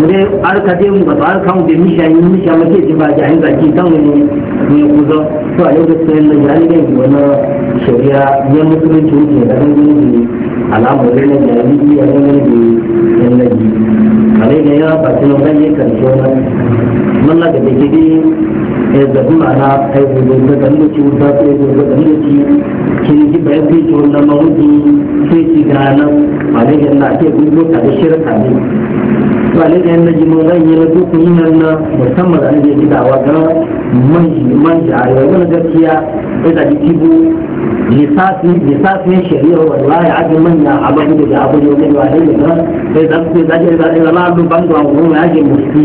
मुझे आर खाते मुझे बाहर खाऊं lè níṣà yín níṣà wọn tí èdè bá jà nígbà tí táwọn ní ní ikú lọ tó àyọ̀dọ̀ tó ń lọ yà nígbà ìgbìmọ̀ náà ṣẹ̀ríà ní mùsùlùmí tó ń jẹ yi níbi àlámọ̀lẹ́ lẹ́yìn àbí bí ẹgbẹ́ níbi ẹlẹ́yìn àlẹ́ yẹn yára pàṣẹ lọ bá yẹ kàṣọ́ náà. malla ga dake dai da kuma na ai gobe da kallo ci wuta ko gobe da kallo ci kin ji bai bi to na mawudi sai ki ga nan wale ga na ke gudu ka da shirka ne wale ga na ji mun zan yi na duk yin nan na musamman da ne ki dawa ga man man ja ya wala gaskiya sai da kibu lissafi lissafin shari'a wallahi ajin manya abin da ya abu yau ne wale ga sai da sai da ga da la ban da mu ya ji mufti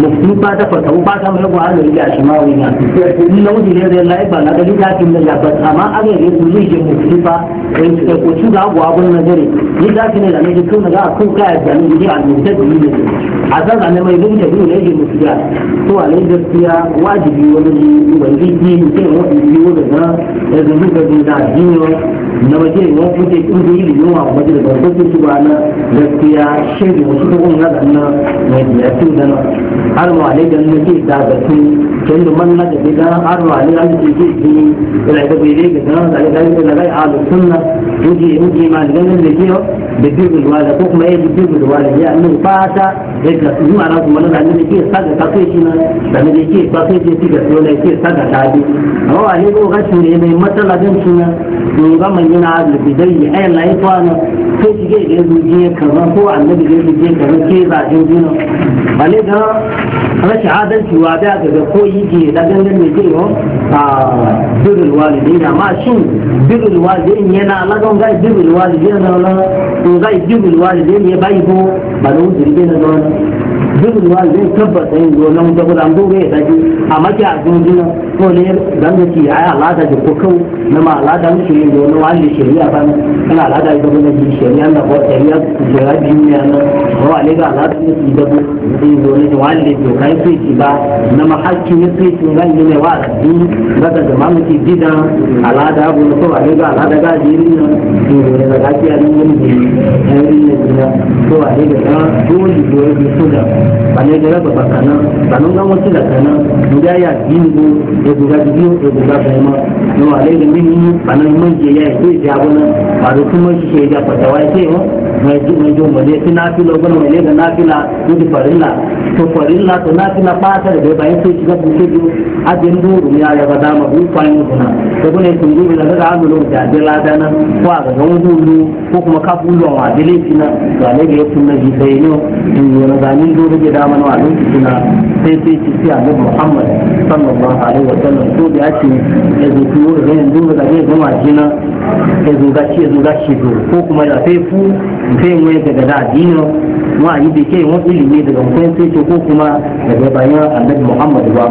mufti ba da fa kabu ba ta mun gwaro da ya shi ma wani ni na ne da lai ba na da ya kin da ya ba amma aga ne su zai je ba kai da ko ci ga gwa gun na dare ni da kin da ne da ni ji an a san da mai ne ya to a lai gaskiya wajibi wani ji sai na da zuwa da da ji na waje ne kun ba na gaskiya na da na mai tun da na har idan ya ke da zafi kan da manna da ke ne mai matsala na dunga man yana da bidai ai a na to shige da zuciya kaza ko annabi da zuciya kaza ke za a jin bale da rashin adalci wa da daga ko yiji da gangan ne zai a birrul walidai da ma shin birrul walidai yana lagon ga birrul walidai na wala to ga birrul walidai ya bai ko ba da wuce na wala birrul walidai tabbata yin gonan da gudan dogo ya daji a maki a ko ne zan da ki ya alada da ko kau na ma alada mu shi ne wani wani shari'a ban kana alada da wani gwamnati shari'a da ko shari'a da rabi ne na ko ale ga alada ne ki da ko sai zo ne da wani da kai sai ki ba na ma hakki ne sai ki ran ne wa di da da jama'a ki dida alada ko ko ale ga alada ga ji ne ki ne da ga ki ne ne ne ko ale ga ko dole ko ko da ba ne da ba kana ba nan ga wata da kana mu ya ya ne guda biyu da guda bayama yau alai da mini banan man ke ya ke jabo nan ba da kuma shi ke ya fatawa ya ce mai ji mai jin wale ti nafila wani wale ga nafila yadda farilla to farilla to nafila fata da bai bayan sai shiga buke biyu abin duru ya ya bada ma bu kwanin guna to gune sun gudu da daga amulo da da lada nan ko a gaban hulu ko kuma kafu zuwa wa dileki na ga ne ga yakin na ji sai ne in yi na zanin duru ke dama na lokaci na sai sai ci sai annabi Muhammad sallallahu alaihi wa sallam ko da yake ya zo ku da yanzu da zai gama kina ya zo gashi ya zo gashi ko kuma ya sai fu kai wai daga da addini ma yi da kai wani ilimi daga kun sai to ko kuma daga bayan annabi muhammadu ba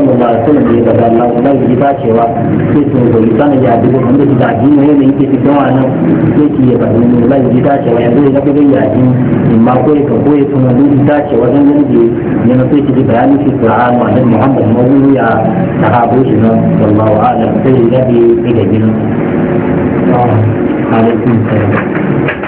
mu ba su ne daga Allah da yi ta cewa sai to da yana ya dubo da da addini ne yake cikin wani sai ki ba ni Allah yi ta cewa yanzu ya kaga ya addini in ma ko ka ko to na yi ta cewa dan da ya na sai ki bayani shi Qur'an wa annabi ma wuri ya sahabo shi na sallallahu alaihi wasallam sai da bi ga gina Thank you.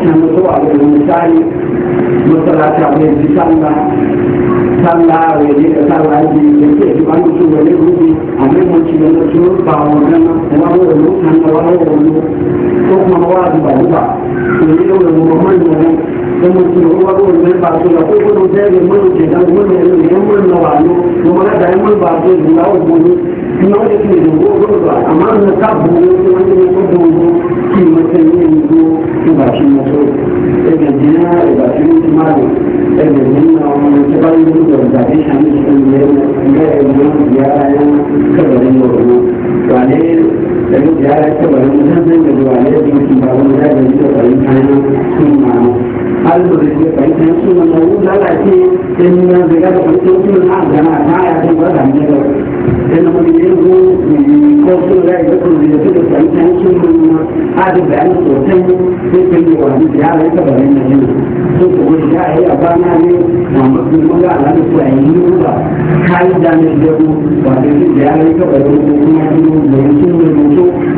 tí mo tó àwọn ènìyàn sáré mọ́sálásí àwọn ènìyàn sálá sálá rẹ̀ ní ẹ̀ka sálá yìí ẹ̀kẹ́ ìdí wọn ló tún wọlé lóde àmì mo ti lọ tí ó bá wọn dáná wọn wọ ló kan náà tó kún wọn wá àdúgbàdúgbà èyí ló lè wọ mọ́ ìwọ̀n wọn mo ti lọ wọn wọ lóde bá tó lọ pé kó ló fẹ́ lè mọ́ ìjẹ̀ náà mọ́ ìjẹ̀ náà ìyẹn mọ́ ìlọ wà ló mo máa dá ẹmọ́ ìbá tó ìlú àwọn òbí ní wọ́n lè fi èdè owó gbọ́dọ̀ àmọ́ àwọn ká tí wàá fi mọ tó ẹgbẹ̀ ní náà ìgbà tí ó ti máa lò ẹgbẹ̀ ní náà ọmọ tó bá ní ìlú ọ̀gá tí sàmì sí ní ẹgbẹ́ ẹgbẹ́ ìyá ayé kẹbẹ̀rẹ̀ ní ọ̀rọ̀ wà ní ẹgbẹ́ ìyá ayé kẹbẹ̀rẹ̀ ní sáńtẹ́ ìgbẹ̀rẹ̀ wà ní ẹgbẹ́ ìgbà wọn láti ẹgbẹ́ ìgbà yìí kan ní ìmọ̀ àwọn alùpùpù ìgbà yìí kan sí ọmọ owó lálàá tí ẹni náà لأنه يجب يكون لا يكون يجب أن يكون هذا بعين صوتين يمكن وهم في هذا يتبع لنا هنا صوت وجهه أبانا لي ومكتب المولى على نفسه كايدا نجده وهذا يجب أن يتبع لنا هنا ويمكن أن يكون